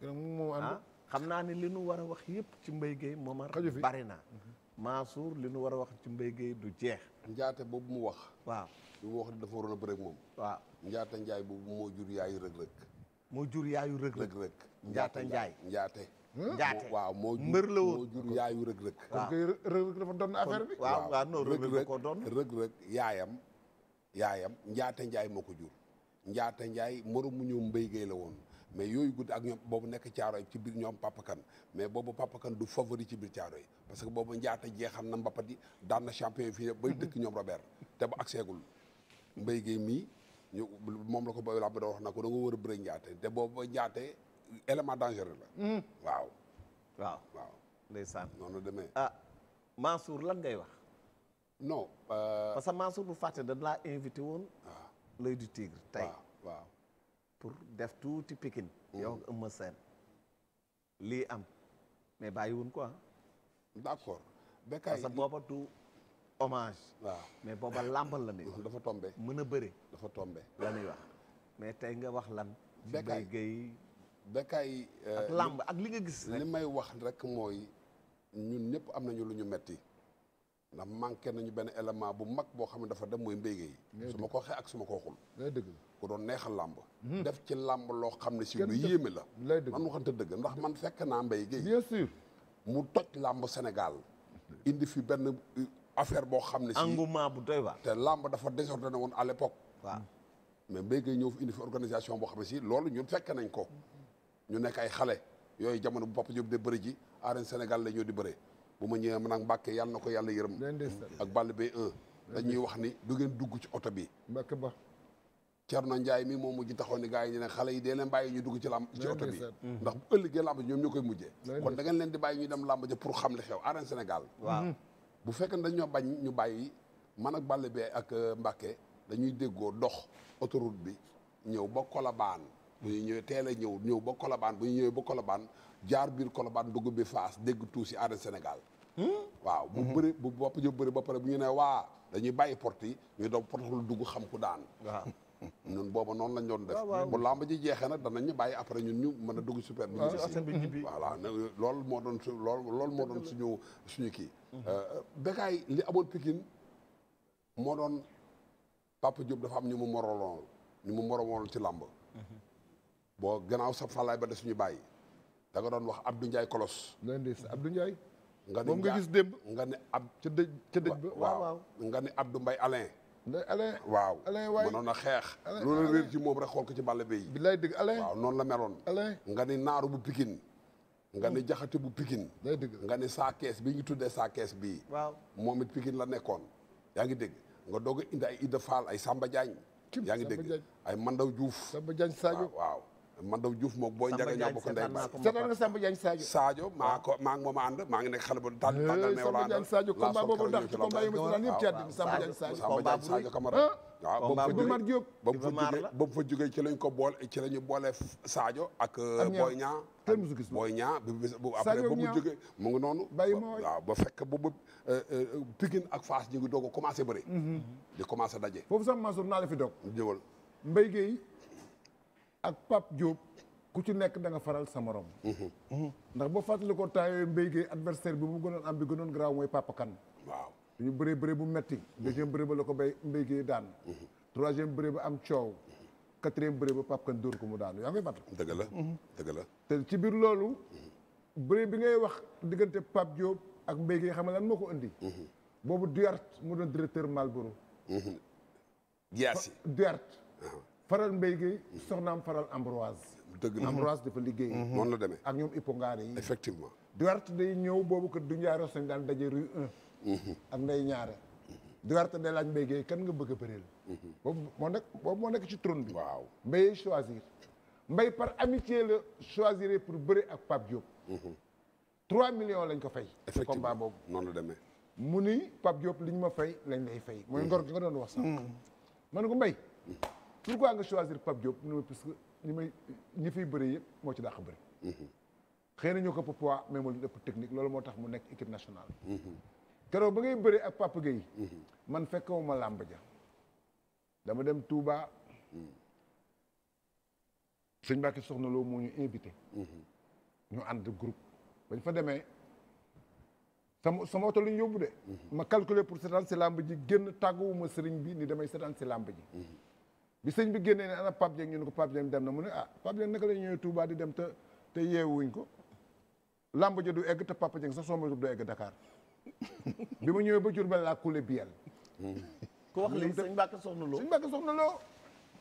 ah xam naa ne li nu war a wax yëpp ci Mbaye Guèye mooma bari na mhm. Mansour li nu war a wax ci Mbaye Guèye du jeex njaate boobu mu wax waaw lu mu wax dafa waroon a bëre moom waaw njaate njaay boobu moo jur yaayu moo jur yaayu rëg rëg rëg njaata njaay njaate njaate waaw moo jur la woon moo jur yaayu rëg rëg kon kay rëg rëg dafa bi waaw waaw rëg rëg yaayam yaayam njaate njaay moo ko jur njaata njaay morom mu ñëw mbéy gay la woon mais yooyu guddi ak ñoom boobu nekk caaro yi ci biir ñoom papakan mais boobu papakan du favori ci biir caaro yi parce que boobu njaata jeexal na mbapat yi daan na champion fii bay dëkk ñoom Robert te ba ak seegul mbéy gay mii ñu moom la ko booy làmb doon wax na ko da nga war a bëre njaate te boobu njaate élément dangereux la. Hmm. waaw. waaw waaw. ndeysaan noonu demee. ah Mansour lan ngay wax. non. Euh, parce que Mansour bu fàtte da laa invité woon. waaw ah. l'œil du tigre tey. waaw def tuuti Pikine. Hmm. yow ak Eumeu lii am mais bàyyi woon quoi. Ah. d' accord. Bécaye parce que hommage. waaw mais booba làmbal la ñuy wax. dafa tombé mën a bëri. dafa tombé la ñuy wax mais tey nga wax lan. béykat yi béykat yi. ak làmb ak li nga gis. li may wax rek mooy ñun ñëpp am nañu lu ñu metti ndax manqué nañu benn élément bu mag boo xam ne dafa dem mooy mbéygay su ma ko waxee ak su ma ko waxul lay dëgg ku doon neexal làmb hmm. def ci làmb loo xam ne si lu yéeme la lay dëgg dëgg ndax man fekk naa mbéy géey bien sûr mu toj làmb senegal indi fi benn affaire boo xam ne si engouement bu doy waar. te làmb dafa na woon à l'époque. mais Mbaye Guèye ñëw fi indi organisation boo xam ne si loolu ñun fekk nañ ko. ñu nekk ay xale yooyu jamono bu Papa Diop de bëri ji arène Sénégal la di bëree bu ma ñëwee ma nag Mbàkke yàlla na ko yàlla yërëm. ak Balla Beye 1. dañuy wax ni du dugg ci oto bi. Mbàkke ba. Cerno Ndiaye mi moom mujj taxoon ni yi ñu ne xale yi dee leen bàyyi ñu dugg ci làmb ci oto bi ndax bu ëllëgee làmb ji ñoom ñoo koy mujjee kon da ngeen leen di bàyyi ñu dem làmb ja pour xam li xew arène Sénégal bu fekkee ne dañoo bañ ñu bàyyi man ak Balla Beye ak euh, Mbacké dañuy déggoo dox autoroute bi ñëw ba Colobane bu ñuy ñëwee teel a ñëw ñëw ba Colobane bu ñuy ñëwee ba Colobane jaar biir Colobane dugg bi Fass dégg si aada Sénégal. Hmm? waaw bu hmm. bëri bu bopp ñu bëri ba pare bu ñu nee waa dañuy bàyyi porte yi ñu doon portaxul dugg xam ku daan. waaw ñun booba noonu lañ doon def. bu làmb ji jeexee nag danañ ñu bàyyi après ñun ñu mën a dugg super. bi ñu si voilà loolu moo doon su loolu loolu moo doon suñu suñu kii. Euh, Bécaye li aboon Pikine moo doon Papa Diop dafa am ñu mu moroloon ñu mu moroloon ci làmb boo gannaaw sa falaay ba de suñu bàyyi da nga doon wax Abdou Ndiaye kolos Abdou Ndiaye nga moom nga gis démb nga ne ab ca dëj ca dëj ba waaw waaw nga ne Abdou Mbaye Alain Alain waaw a xeex loolu réer ci moom rek xool ko ci bàll bay bi bilaay dëgg Alain waaw noonu la meloon Alain nga ni naaru bu Pikine nga ne jaxate bu pikin day dëgg nga ne saa kees bi ñu tuddee saa kees bii waaw moom it pikin la nekkoon yaa ngi dégg nga doog a indi ay Ida Fall ay Samba Diagne yaa ngi dégg ay Mandaw Diouf Samba Diagne Sadio waaw man daw Diouf moom booy Ndiaga ñoo bokk ndey baay seetaan nga ko maa ngi moom a ànd maa ngi nekk xale bu tànn tàngal ne wala ànd Sadio combat boobu ndax ci combat yi ma daan yëpp eh, mu fa jógee ba mu fa jógee ba mu ko boole ci la ñu boole ak euh, Boy Niang kenn musu gis Boy Niang bu après ba mu jógee mu ngi noonu bàyyi boobu euh, euh, Pikine ak Fass ñu ngi doog a commencé bëri mm-hmm. di daje foofu sax Mansour naa la fi doog ñëwal Mbaye Gueye ak pap Diop ku ci nekk da nga faral sa morom. ndax boo fàttali ko temps yooyu Mbaye Guèye adversaire bi mu gënoon am bi gënoon garaaw mooy Papa Kane. waaw dañu bëree bëree bu metti deuxième bëree ba la ko bay Mbaye Guèye daan. troisième bëree ba am coow. quatrième bëree ba Pape Kane dóor ko mu daanu yaa ngi koy fàttali. dëgg la dëgg la. te ci biir loolu. bëree bi ngay wax diggante Pape Diop ak Mbaye Guèye xam nga lan moo ko indi. Mhm. boobu Duarte mu doon directeur Malboro. Diassi mhm. Duarte. faral mbay gi soxnaam faral Ambroise. dëgg la Ambroise dafa liggéey. Mhm. noonu la demee ak ñoom Ipongaare yi. effectivement Duarte day ñëw boobu kër du Ndiaye Ross lañ daan daje rue 1. Mhm. ak nday ñaare. Mhm. Duarte day laaj mbay gi kan nga bëgg a bëreel. boobu moo nekk boobu moo nekk ci trône bi. waaw mbay choisir. mbay par amitié la choisir pour bëri ak Pape Diop. 3 millions lañ ko fay. effectivement combat boobu noonu la demee. mu ni Pape Diop li ñu ma fay lañ lay fay. mooy ngor gi nga doon wax sax. ma ne ko mbay. pourquoi nga choisir Pape Diop parce que ñi may ñi fiy bëri yëpp moo ci dàq ba mhm. xëy na ñoo ko poids mais moo ëpp technique loolu moo tax mu nekk équipe nationale. Mhm. keroog ba ngay bëri ak Pape Gueye. Mhm. man fekkoon ma làmb ja dem Touba. sëñ Mbacke Soxna Lo moo ñu invité. ñu ànd groupe bañ fa demee. sama sama oto lu ñu yóbbu de. ma calculer pour seetaan si làmb ji génn tàgguwuma sëriñ bi ni damay seetaan si làmb ji. bi sëñ bi génnee ne ana Pape Dieng ñu ne ko Pape Dieng dem na mu ne ah Pape Dieng naka la ñëwee Touba di dem te te yeewuñ ko làmb ja du egg te Papa Dieng sax soo moytuwul du egg Dakar bi ma ñëwee ba Diourbel laa coulé biel. ku wax léegi sëñ Mbacke soxna loo sëñ Mbacke soxna loo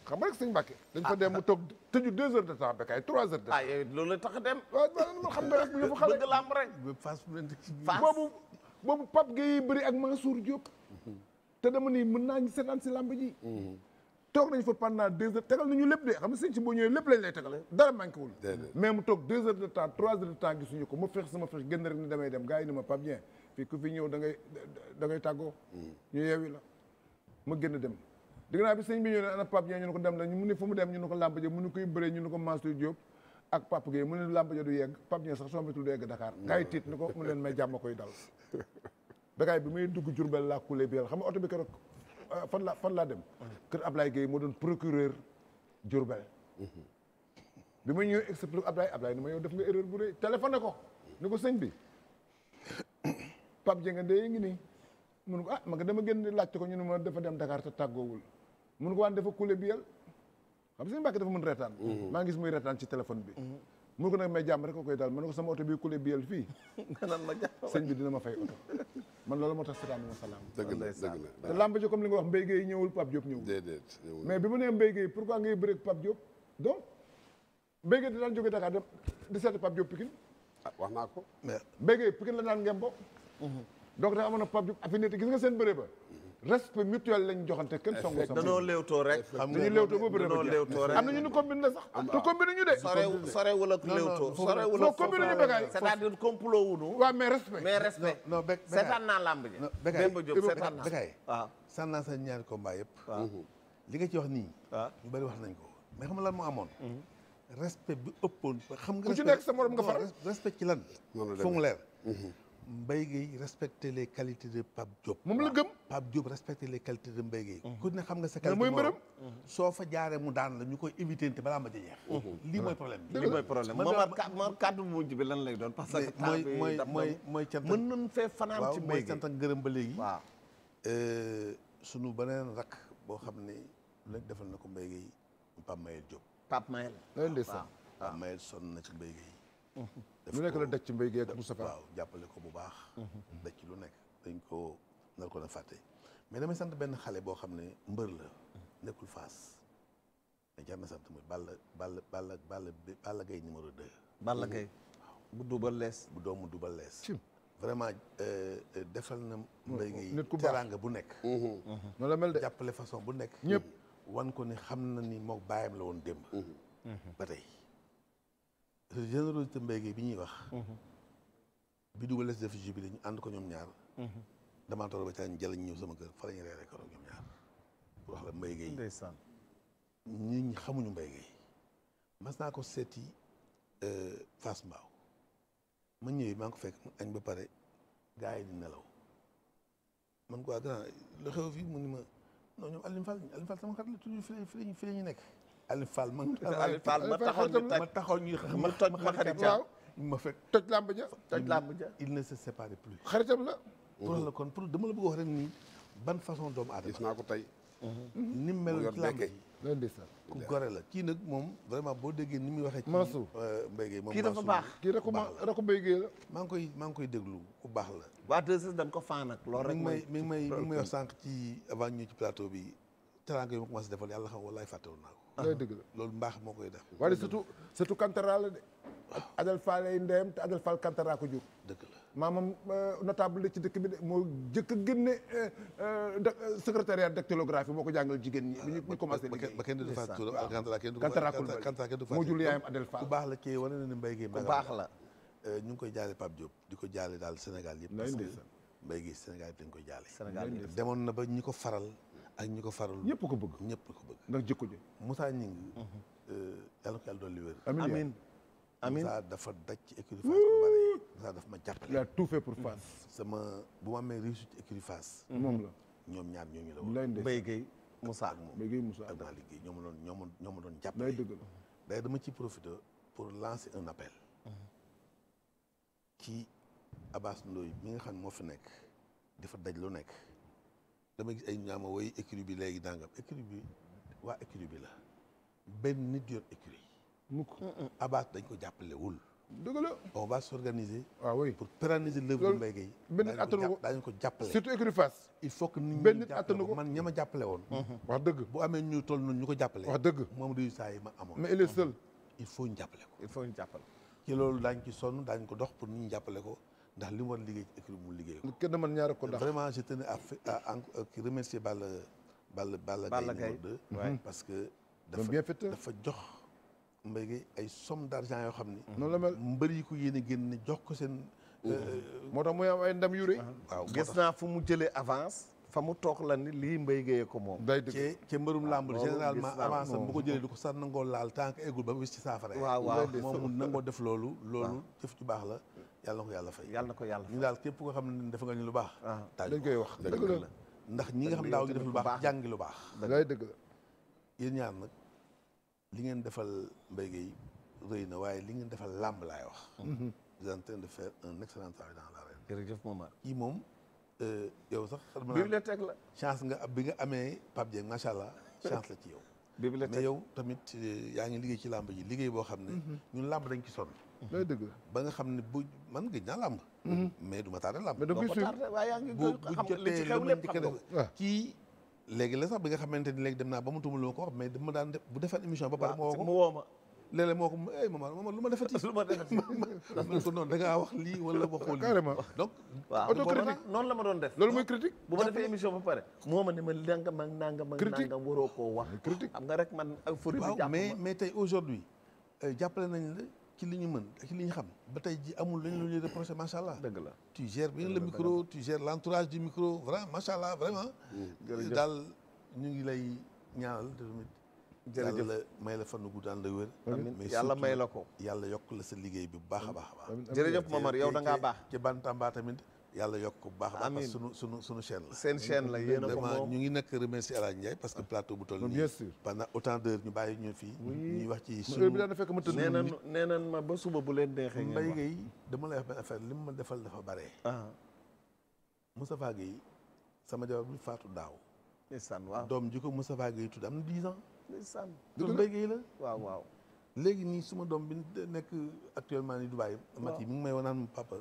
xam nga rek sëñ dañ fa ah. dem mu toog tëju deux de temps de temps. ah yooyu loolu la tax a dem. waaw xam nga rek bu ñu xale bëgg làmb rek. Fass boobu boobu Pape Gueye mhm. te dem ni mën naa ñu seetaan si làmb ji. Mhm. toog nañ fa pendant deux heures tegal nañu lépp de xam nga si boo ñëwee lépp lañ lay tegale dara manqué wul mais mu toog deux heures de temps trois heures de temps gisuñu ko ma fex sama fex génn rek ni damay dem gars yi ni ma Pape Dieng ku fi ñëw da tàggoo hmm. ñu yeewi la ma génn dem dégg bi sëñ bi ñëw ne ana Pape Dieng ñu ne ko dem la mu ne fu mu dem ñu ne ko làmb ja mu ne koy bëree ñu ne ko Mansour Diop ak Pape Gueye mu ne làmb ja du yegg hmm. dugg Jurbel laa kuule bi xam nga oto bi keroog Euh, fan laa fan laa dem. kër Ablaye Gueye moo doon procureur Diourbel. bi ma ñëw expliqué Ablaye Ablaye ni ma yow def nga erreur bu rëy téléphoné ko. ni ko señ bi Pape Dieng de ngi nii. mun ko ah man dama génn di laajte ko ñu ne ma dafa dem Dakar te tàggoowul mun ko waan dafa coulé bi yàlla xam nga sëñ Mbacke dafa mun reetaan. Mm-hmm. maa ngi gis muy reetaan ci téléphone bi. Mm-hmm. mun ko nag may jàmm rek ko koy daal man ne ko sama oto bi kule biyal fii nga naan ma jàmm bi dina ma fay oto man loolu moo tax setaan ma salaam dëgg la dëgg te làmb ji comme li nga wax Mbaye ñëwul Pape Diop ñëwul mais bi mu nee Mbaye Gueye pourquoi ngay bëre ak Pape Diop donc Mbaye Gueye di daan jóge Dakar dem di seeti Pape Diop Pikine ah wax naa ko Mbaye Gueye Pikine la naan ngembo mhm. donc da amoon na Pape Diop affinité gis nga seen bëre ba respect mutuel lañ joxante kenn songu sama danoo léewtoo rek dañu léewtoo boobu rek am na sax te combine ñu de sore wala léewtoo sore wala combine ñu bekaay cest à naa làmb ji bekaay Demba naa bekaay waaw ah. san naa sa ñaari combat yëpp ah. uhuh. li nga ci wax nii ah. ñu bari wax nañ ko mais xam nga lan moo amoon uhuh. respect bi ëppoon xam nga ku ci nekk sa morom nga faral respect ci lan foog leer uhuh. mbay Guèye respecter les qualités de Pape Diop. moom la gëm Pape Diop respecter les qualités de Mbaye Guèye. Mhm. ku ne xam nga sa qualité moom soo fa jaaree mu daan la ñu koy éviter te balaa ma jeex. Mhm. lii mooy problème bi. lii mooy problème bi moom kàddu mujj bi lan lay doon. parce que temps bi mooy mooy mooy cant mën nañu fee fanaan ci gërëm ba léegi. waaw euh, sunu beneen boo xam ne lu nekk defal na ko mbay Guèye Pape Mayel Diop. Pape Mayel ah, waaw son na ci mbay Guèye lu nekk la daj ci mbéy gi ak Moustapha waaw jàppale ko bu baax daj ci lu nekk dañ koo nar ko na fàtte mais damay sant benn xale boo xam ne mbër la nekkul faas mais jar sant muy Balla Balla Balla Balla numéro 2 Balla Gaye waaw bu duubal lees bu doomu duubal lees vraiment euh, defal na mbéy gi teraanga bu nekk la mel de jàppale façon bu nekk ñëpp wan ko ni xam na ni moo baayam la woon démb ba tey générosité Mbaye Guèye bi ñuy wax. Mhm. bi dugal les def ji bi dañu ànd ko ñoom ñaar. Mhm. damaa toog ba caa ñu jël ñëw sama kër fa la ñu reeree ñoom ñaar wax la Mbaye Guèye. ñi xamuñu Mbaye Guèye. mas naa ko seeti euh, Fass Mbao ma ñëwee maa ngi ko fekk añ ba pare gars di nelaw man quoi grand lu xew fii mu ni ma non ñoom Alioune Fall Alioune Fall la toujours fi la fi nekk. Alioune Fall ma. Alioune Fall ma taxaw ñu ma taxaw ñu ma toj ma xaritam ma fekk toj làmb ja toj il ne se sépare plus. xaritam la. pour la kon pour dama la bëgg wax rek nii ban façon doomu aadama. gis ko tey. Mm-hmm. ni mu mel ci làmb ji ku gore la kii nag moom vraiment boo déggee ni muy waxee. Mansour euh, Mbaye Gueye moom kii dafa baax kii rek ko Mbaye Gueye ngi koy maa ngi koy déglu bu baax la. waa 2 dañ ko faan ak loolu rek. mooy mi may mi ngi may wax sànq ci avant ñu ci plateau bi. teraanga yi ma commencé defal yàlla xam wallaay fàttewoon naa ko looy dëgg la loolu mbaax moo koy def. wala surtout surtout Kantara de. waaw Adel Fall lay ndeyam te Adel Fall Kantara ko jur. dëgg la maamam euh, notable la ci dëkk bi de moo jëkk a génne euh, euh, secrétariat dactylographie moo ko jàngal jigéen ñi. ñu ñu commencé liggéey ba kenn du fa turam Kantara moo jur yaayam Adel Fall. ku baax la kii wane na ni mbay gi ku baax la. ñu ngi koy jaale Pape Diop di ko jaale daal Sénégal yëpp. mbay gi Sénégal yëpp dañ koy jaale. Sénégal yëpp demoon na ba ñi ko faral ak ñi ko faral ñëpp ko bëgg ñëpp ko bëgg ndax jikko ji Moussa Gning mm-hmm. yàlla ko yàlla doon li wér amiin amiin dafa daj ci écurie Fass bu dafa ma jàppale tout fait pour Fass sama bu ma amee réussite ci écurie Fass mm-hmm. moom la ñoom ñaar ñooñu la woon Mbaye Gueye Moussa ak moom Mbaye Gueye Moussa ak Malick Gueye ñoo ma doon ñoo ñoo ma doon jàppale dëgg la day dama ci profiter pour lancer un appel mm-hmm. ci Abass Ndoye mi nga xam moo fi nekk dafa daj lu nekk dama gis ay ñaama woy écurie bi léegi dangam écurie bi la benn nit yor écurie mukk abaas dañ ko jàppale wul dëgg la on va s'organiser waaw ah oui pour ko daañu ko jàppale surtout man ña ma jàppale woon mm-hmm. wax dëgg bu amee ñu toll noonu ñu ko jàppale wax dëgg moom résultat yi ma amoon mais il est seul mm-hmm. il faut ñu jàppale ko il ñu jàppale ci loolu daañ ci sonn daañ ko dox pour nit jàppale ko ndax li mu war a liggéey ci équipe mu liggéey ko. kenn man ñaare ko ndax vraiment je tenais à à remercier Balla Balla Balla Gaye parce que dafa dafa jox Mbaye ay somme d'argent yoo xam ni. noonu la mel mbër yi ko yéene génne jox ko seen. Euh, moo tax muy am ay ndam yu rëy. gis naa fu mu jëlee avance. fa mu toog la ni lii Mbaye Gueye ko moom. day dëgg ci mbërum ah, làmb généralement avance am bu ko jëlee du ko sax nangoo laal tant que eggul ba mu ci saafara. waaw waaw moom nangoo def loolu. loolu jëf ju baax la. yàlla na ko yàlla fay yàlla na ko yàlla fay ñu daal képp koo xam ne dafa nga ñu lu baax ah. dañ koy wax dëgg la ndax ñi nga xam daaw ngi def lu baax jàngi lu baax dangay dëgg la yéen ñaar nag li ngeen defal mbay Guèye rëy na waaye li ngeen defal làmb laay wax mhm. vous êtes en train de faire un excellent travail dans l'arène jërëjëf Momar kii moom euh, yow sax bibliothèque la chance nga bi nga amee Pape Dieng macha allah chance la ci yow bibliothèque mais yow tamit euh, yaa ngi liggéey ci làmb ji liggéey boo xam ne. Mhm. ñun làmb dañ ci sonn. Mhm. loolu dëgg la ba nga xam ne bu man gëj naa làmb. Mhm. mais du ma tardé làmb. mais da nga koy waaye yaa ngi ci xew lépp kii. léegi la sax bi nga xamante ni léegi dem naa ba mu tuumal ma ko wax mais ma daan def bu defan mission ba pare ma woo ko mu léeg-léeg moo ko eh maman maman lu ma defati. lu ma defati man ko noonu da ngaa wax lii wala waxoo lii. carrément donc. autocritique noonu la ma doon def. loolu mooy critique. bu ma defee émission ba pare. moo ma ne ma nangam ak nangam ak nangam waroo koo wax. critique xam nga rek man euphorie bi jàpp ma mais mais tey aujourd'hui euh, jàppale nañ la ci li ñu mën ci li ñu xam ba tey ji amul lañ lu ñuy reproché macha allah. dëgg la tu gères bien le micro tu gères l'entourage du micro vraiment macha allah vraiment. Mm, euh, daal ñu ngi lay ñaanal tamit jërëjëf yàlla may la fan gu daan la wér. yàlla may la ko yàlla yokk la sa liggéey bi bu baax a baax a baax. jërëjëf Momar yow da ngaa baax. ci Bantamba tamit yàlla yokk bu baax. a parce que sunu sunu sunu chaîne la. seen chaîne la yéen a ko moom vraiment ñu ngi nekk remercier El Hadj Ndiaye parce que ah. plateau bu toll nii. bien sûr pendant autant d'heures ñu bàyyi ñu fii. ñuy wax ci sunu heure bi ma tëdd. nee ba suba bu leen deexee. ngeen wax Mbaye Gueye dama lay wax benn affaire li ma defal dafa bare. Ah. Moustapha Gueye sama jabar bu faatu daaw. ndeysaan waaw doom ji ko ndeysaan du béykat yi waaw waaw léegi nii suma doom bi nekk actuellement ni Dubaï mat yi mi ngi may wanaan ma papa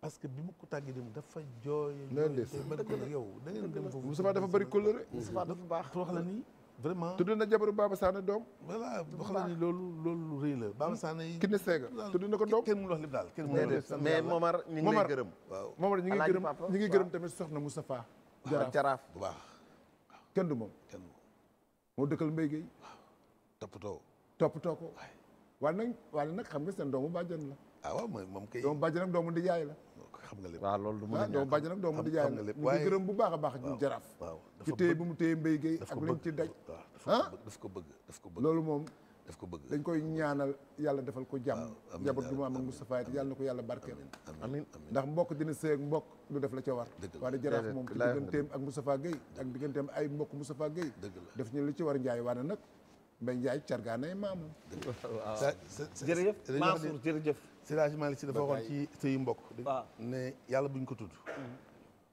parce que bi ma ko tàggee dem dafa jooy jooy yow da ngeen dem foofu Moustapha dafa bëri coloré Moustapha dafa baax wax la ni vraiment na jabaru Baba Sané doom voilà wax la ni loolu loolu lu rëy la Baba hmm. Sané yi Kiné na ko doom kenn mënul wax daal kenn mënul wax lépp mais Momar ñu ngi lay gërëm waaw Momar ñu ngi gërëm ñu ngi gërëm tamit soxna Moustapha jaraaf bu baax kenn du moom kenn moo dëkkal mbay Guèye. waaw toppatoo. toppatoo ko waay. waaye nag waaye nag xam nga seen doomu bàjjan la. ah waaw moom kay. doomu bàjjan ak doomu nijaay la. xam nga lépp waaw loolu du a ah, ñàkk doomu bàjjan ak doomu nijaay la ñu ngi gërëm bu baax a baax. waaw jaraaf. waaw dafa bëgg ci téye bu mu téye Mbaye Guèye ak lañ ci daj. ah daf ko bëgg daf ko bëgg loolu moom daf ko bëgg dañ koy ñaanal yàlla defal ko jàmm njaboot bi mu am ak Moustapha yàlla na ko yàlla barkeel amiin ndax mbokk dina sëy ak mbokk du def la ca war waaye jaraaf moom ci digganteem ak Moustapha Gueye ak digganteem ay mbokk Moustapha Gueye def ñu li ci war njaay waane nag mbay njaay cargaanay maamu jërëjëf Mansour jërëjëf Siraj Malick si dafa waxoon ci sëyu mbokk ne yàlla buñ ko tudd mm-hmm.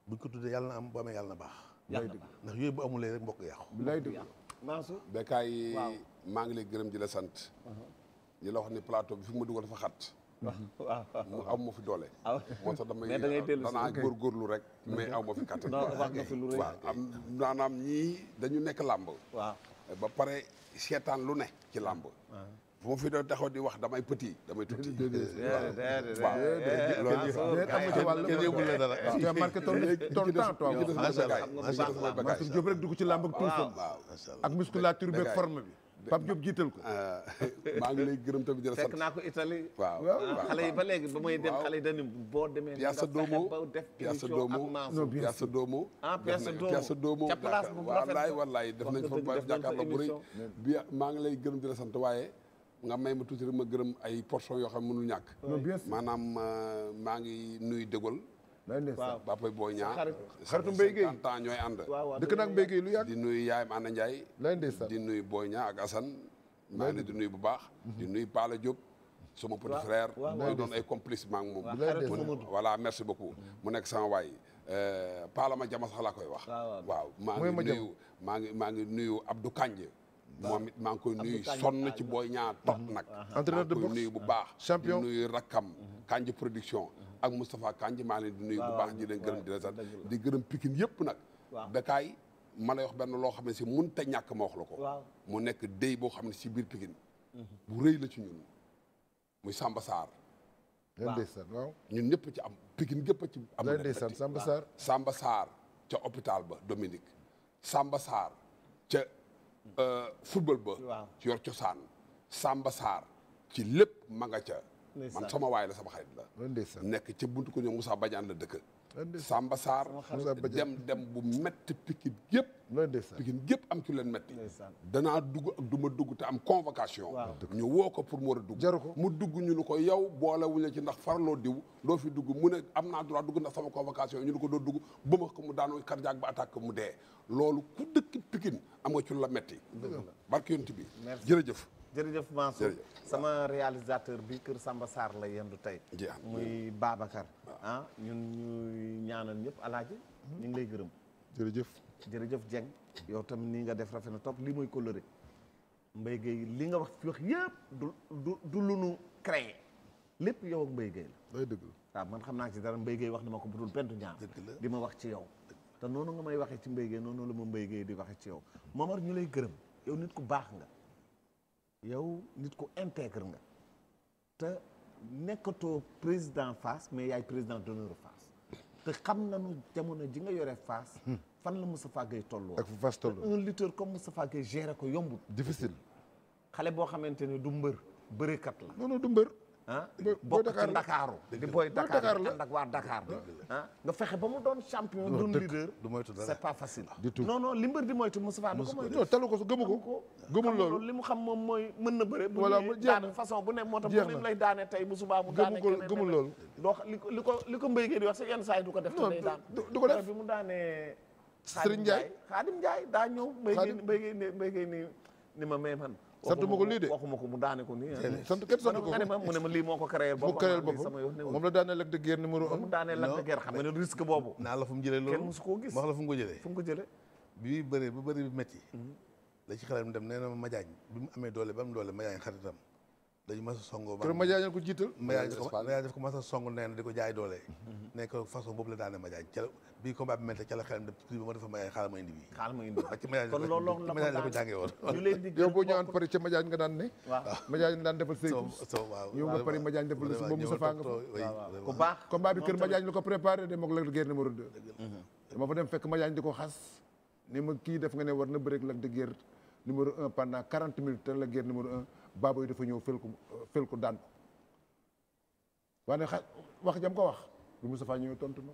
buñ ko tuddee yàlla na am bu amee yàlla na baax ndax yooyu bu amulee rek mbokk yàqu lay dëgg Mansour maa ngi lay gërëm di la sant uh-huh. di la wax ni plateau bi fi ma dugal dafa xat uh-huh. mu aw ma fi doole moo tax damay danaa góorgóorlu rek mais aw ma fi kattan waaw am naanaam ñii dañu nekk làmb waaw ba pare seetaan lu ne ci làmb uh-huh. bu ma fi doon taxaw di wax damay petit damay tuuti. waaw loolu la dara. marqué ton ton temps toi. macha allah macha allah Mansour Diop rek dugg ci làmb ak tuusam. ak musculature beeg bi. Pape Diop jiital ko. maa ngi lay gërëm tamit di la sant fekk naa ko Italie. waaw waaw xale yi ba léegi ba may dem xale yi dañu boo demee. Piazza Duomo Piazza Duomo Piazza Duomo. ah Piazza Duomo Piazza Duomo. ca place bu rafet wallaay wallaay def nañ fa ba jàkkaarloo bu rëy bi maa ngi lay gërëm di sant waaye. nga may ma tuuti rek ma gërëm ay portion yoo xam ne mënul ñàkk. maanaam euh, maa ngi nuyu dégol waaw papa boo ñaa xaritu Mbaye Gueye temps ñooy ànd dëkk nag Mbaye Gueye lu yàgg di nuyu yaayam Anna Ndiaye lay ndeysaan di nuyu boo ñaa ak Assane maa ngi di nuyu bu baax mhm. di nuyu Pala Diop sama petit frère ñoo doon voilà merci beaucoup mhm. mu nekk sama waay euh, Pala ma jama sax laa koy wax waaw maa ngi nuyu maa ngi maa ngi nuyu Abdou Kandji moom it maa ngi koy nuyu sonn ci booy ñaa top mhm. nag entraîneur de boxe bu baax champion nuyu rakkam Kandji production ak Moustapha Kandji maa leen di nuyu bu baax di leen gërëm di leen sant di gërëm Pikine yëpp nag dakaay ma la wax benn loo xam ne si mun te ñàkk ma wax la ko mu nekk déy boo xam ne si biir Pikine mhm. bu rëy la ci ñun muy Samba ñun ñépp ci am pikin gépp ci am ndeysaan Samba Samba Sarr ca hôpital ba Dominique Samba ca euh, football ba ci yor cosaan Samba ci lépp ma nga ca man sama waay la sama xarit la nekk ca buntu ko ñoom Moussa Badiane la dëkk Samba Sarr dem dem bu metti pikin gépp pikin gépp am ci leen metti danaa dugg ak du ma dugg te am convocation ñu woo ko pour mu war a dugg ko mu dugg ñu ne ko yow boole wuñ la ci ndax farloo diw doo fi dugg mu ne am naa droit dugg ndax sama convocation ñu ne ko doo dugg ba ko mu daanoo cardiaque ba attaque mu dee loolu ku dëkk pikin am nga cul la metti barke yonent bi jërëjëf jërëjëf Mansour sama réalisateur bi Kër Samba saar la yendu tey muy Babacar ah, ñun ñuy ñaanal ñëpp alaaji mhm. ñu ngi lay gërëm jërëjëf jërëjëf Dieng yow tamit nii nga def rafet na topp lii mooy coloré Mbaye Gueye li nga wax fi wax yëpp du du du lu nu créé lépp yow ak Mbaye Gueye la ah, man xam naa ci dara Mbaye Gueye wax na ma ko bu dul pentu ñaar di ma wax ci yow te noonu nga may waxee ci Mbaye Gueye noonu la ma Mbaye Gueye di waxee ci yow Momar ñu lay gërëm yow nit ku baax nga yow nit ko intègre nga te nekkatoo président Fass mais yaay président d'honneur Fass te xam nañu jamono ji nga yore Fass fan la Moustapha Gueye tollu ak Fass tollu un lutteur comme Moustapha Gueye gérer ko yombul difficile xale boo xamante ne du mbër bërekat la non du mbër ah bokk ci Ndakaaru di booy Dakar ànd ak waa Dakar ah nga fexe ba mu doon champion doon leader c'est pas facile non non li mbër di moytu Moustapha du ko moytu talu ko su gëmu ko gëmul loolu li mu xam moom mooy mën na bëre bu daan façon bu ne moo tax bu lay daane tey bu subaa mu daane ko gëmul loolu li ko li ko li ko mbéy gi di wax sa yenn saa du ko def te day daan du ko def bi mu daanee Serigne Ndiaye Khadim daa ñëw mbéy gi mbéy gi ni ma may man sant ma ko lii de waxuma ko mu daane ko nii ah. sant kenn sant ko mu ne ma lii moo ko créé boppam moom la daaneel Lac de Guiers numéro un mu daaneel Lac boobu naa la fu mu loolu kenn musu koo gis wax la fu ko jëlee fu mu ko bëree ba bëri la mhm. ci xelam dem nee na ma Madiagne bi mu amee doole ba am doole Madiagne xaritam dañu mës a songu. keroog Madiagne ñoo ko jiital. Madiagne daf ko mës a songu nee na di ko jaay doole. Mm-hmm. nekk façon boobu la daane Madiagne ca la bii ko baax kër Madiagne la ko préparé de moog la guerre numéro 2. dama fa dem fekk Madiagne di ko xas ni ma kii def nga ne war na bëreeg Lac de Guiers numéro 1 pendant minutes te la guerre numéro baaboy dafa ñëw fel ko fel ko daan ko wax jam ko wax bi Moustapha ñëwee tontu na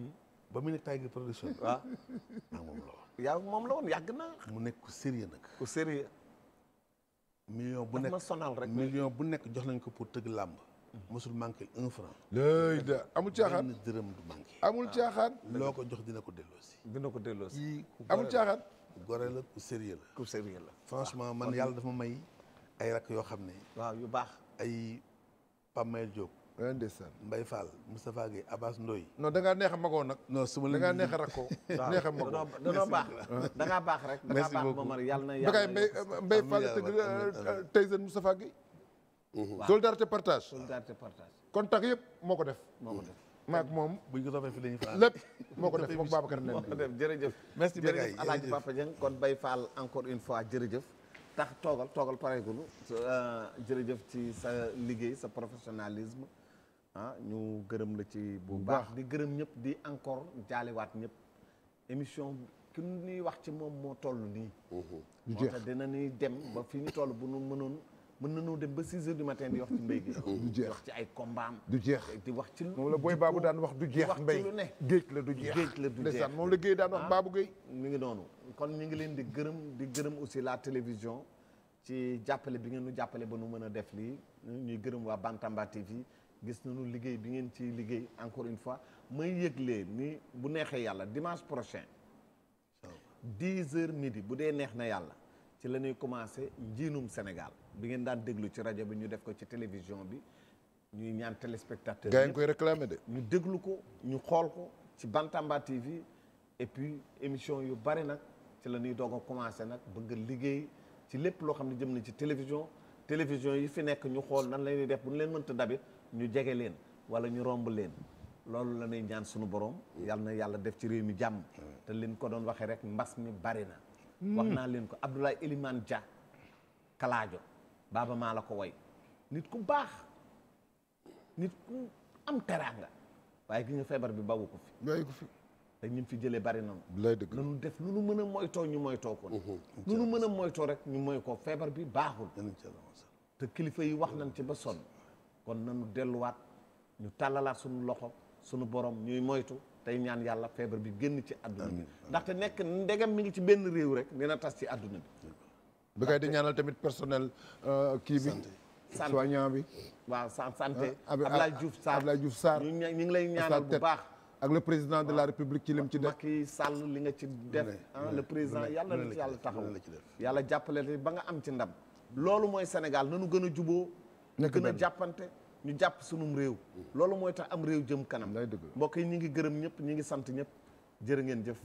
ba mu nekk Tiger production waaw ah. maa moom la woon moom la yàgg na mu nekk ku sérieux nag ku sérieux million bu nekk sonal rek million bu nekk jox nañ ko pour tëgg làmb mosul manqué un franc léegi da amul caaxaan du amul ah. caaxaan loo ko jox dina ko delloosi dina ko delloosi amul caaxaan ku gore la ku sérieux la ku la franchement ah. man yàlla dafa may ay rakk yoo xam ne waaw yu baax ay Pamel Diop ren ndeysaan Mbaye Fall Moustapha Gueye Abbas Ndoye non da ngaa neex a magoo nag non su ma da ngaa neex a rakkoo neex a magoo danoo baax da ngaa baax rek da ngaa baax ba mar yàlla na yàlla Mbaye Fall tëgg Tyson Moustapha Gueye mhm. solidarité partage solidarité partage yëpp moo ko def moo ko def maak moom buñ ko toppee fi dañuy faral moo ko def moom Babacar nen moo ko def jërëjëf merci jërëjëf Alaaji Papa Dieng kon Mbaye Fall encore une fois jërëjëf tax toogal toogal pareegul euh, jërëjëf ci sa liggéey sa professionnalisme ah ñu gërëm la ci bu baax di gërëm ñëpp di encore jaaliwaat ñëpp émission ki nuy wax ci moom moo toll nii moo tax dina ñuy dem ba fi ñu toll bu nu mënoon mën nañoo dem ba six heures du matin di wax ci mbéy gi jeex wax ci ay kombaam du jeex di wax ci moom booy baabu daan wax du jeex mbéy lu ne géej la du jeex géej du jeex moom la géej daan wax ah, baabu géej mi ngi noonu kon ñu ngi leen di gërëm di gërëm aussi la télévision ci jàppale bi ngeen nu jàppale ba nu mën a def lii ñuy gërëm waa Bantamba TV gis nañu liggéey bi ngeen ci liggéey encore une fois may yëglee ni bu neexee yàlla dimanche prochain. dix heures midi bu dee neex na yàlla ci la nuy commencé njiinum Sénégal bi ngeen daan déglu ci rajo bi ñu def ko ci télévision bi ñuy ñaan téléspectateur gaa ngi koy réclamer de. ñu déglu ko ñu xool ko ci Bantamba TV et puis émission yu bari nag ci la ñuy doog a commencé nag bëgg liggéey ci lépp loo xam ne jëm na ci télévision télévision yi fi nekk ñu xool nan la ñuy def bu ñu leen mënta dabit ñu jege leen wala ñu romb leen loolu la ñuy ñaan suñu boroom yal na yàlla def ci réew mi jàmm te leen ko doon waxee rek mbas mi bari na hmm. wax naa leen ko Abdoulaye Elimane Dia kalaajo baaba maa la ko woy nit ku baax nit ku am teraanga waaye gi nga feebar bi bawu ko fi bawu ko fi ñim fi jëlee bari nanu lay dëgg def lu nu mën a moytoo ñu moytoo ko lu hmm, hmm. nu mën a moytoo rek ñu moy ko feebar bi baaxul te kilifa yi wax nañ ci ba sonn kon nanu delluwaat ñu tàllalaat suñu loxo sunu borom ñuy moytu tey ñaan yàlla feebar bi génn ci àdduna bi ndaxte nekk ndegam mi ngi ci benn réew rek dina tas ci àdduna bi bi kay di ñaanal tamit personnel euh, kii bi soignant bi waaw san santé ah, Abdoulaye Diouf Sarr Abdoulaye Diouf Sarr ñu ngi lay ñaanal bu baax ak le président de la république ci lim ci def Macky Sall li nga ci def ah, le président yàlla na ci yàlla taxaw yàlla jàppale ba nga am ci ndam loolu mooy Sénégal nanu gën a juboo gën a jàppante ñu jàpp sunum réew mm. loolu mooy tax am réew jëm kanam mbokk yi ñi ngi gërëm ñëpp ñi ngi sant ñëpp jërë ngeen jëf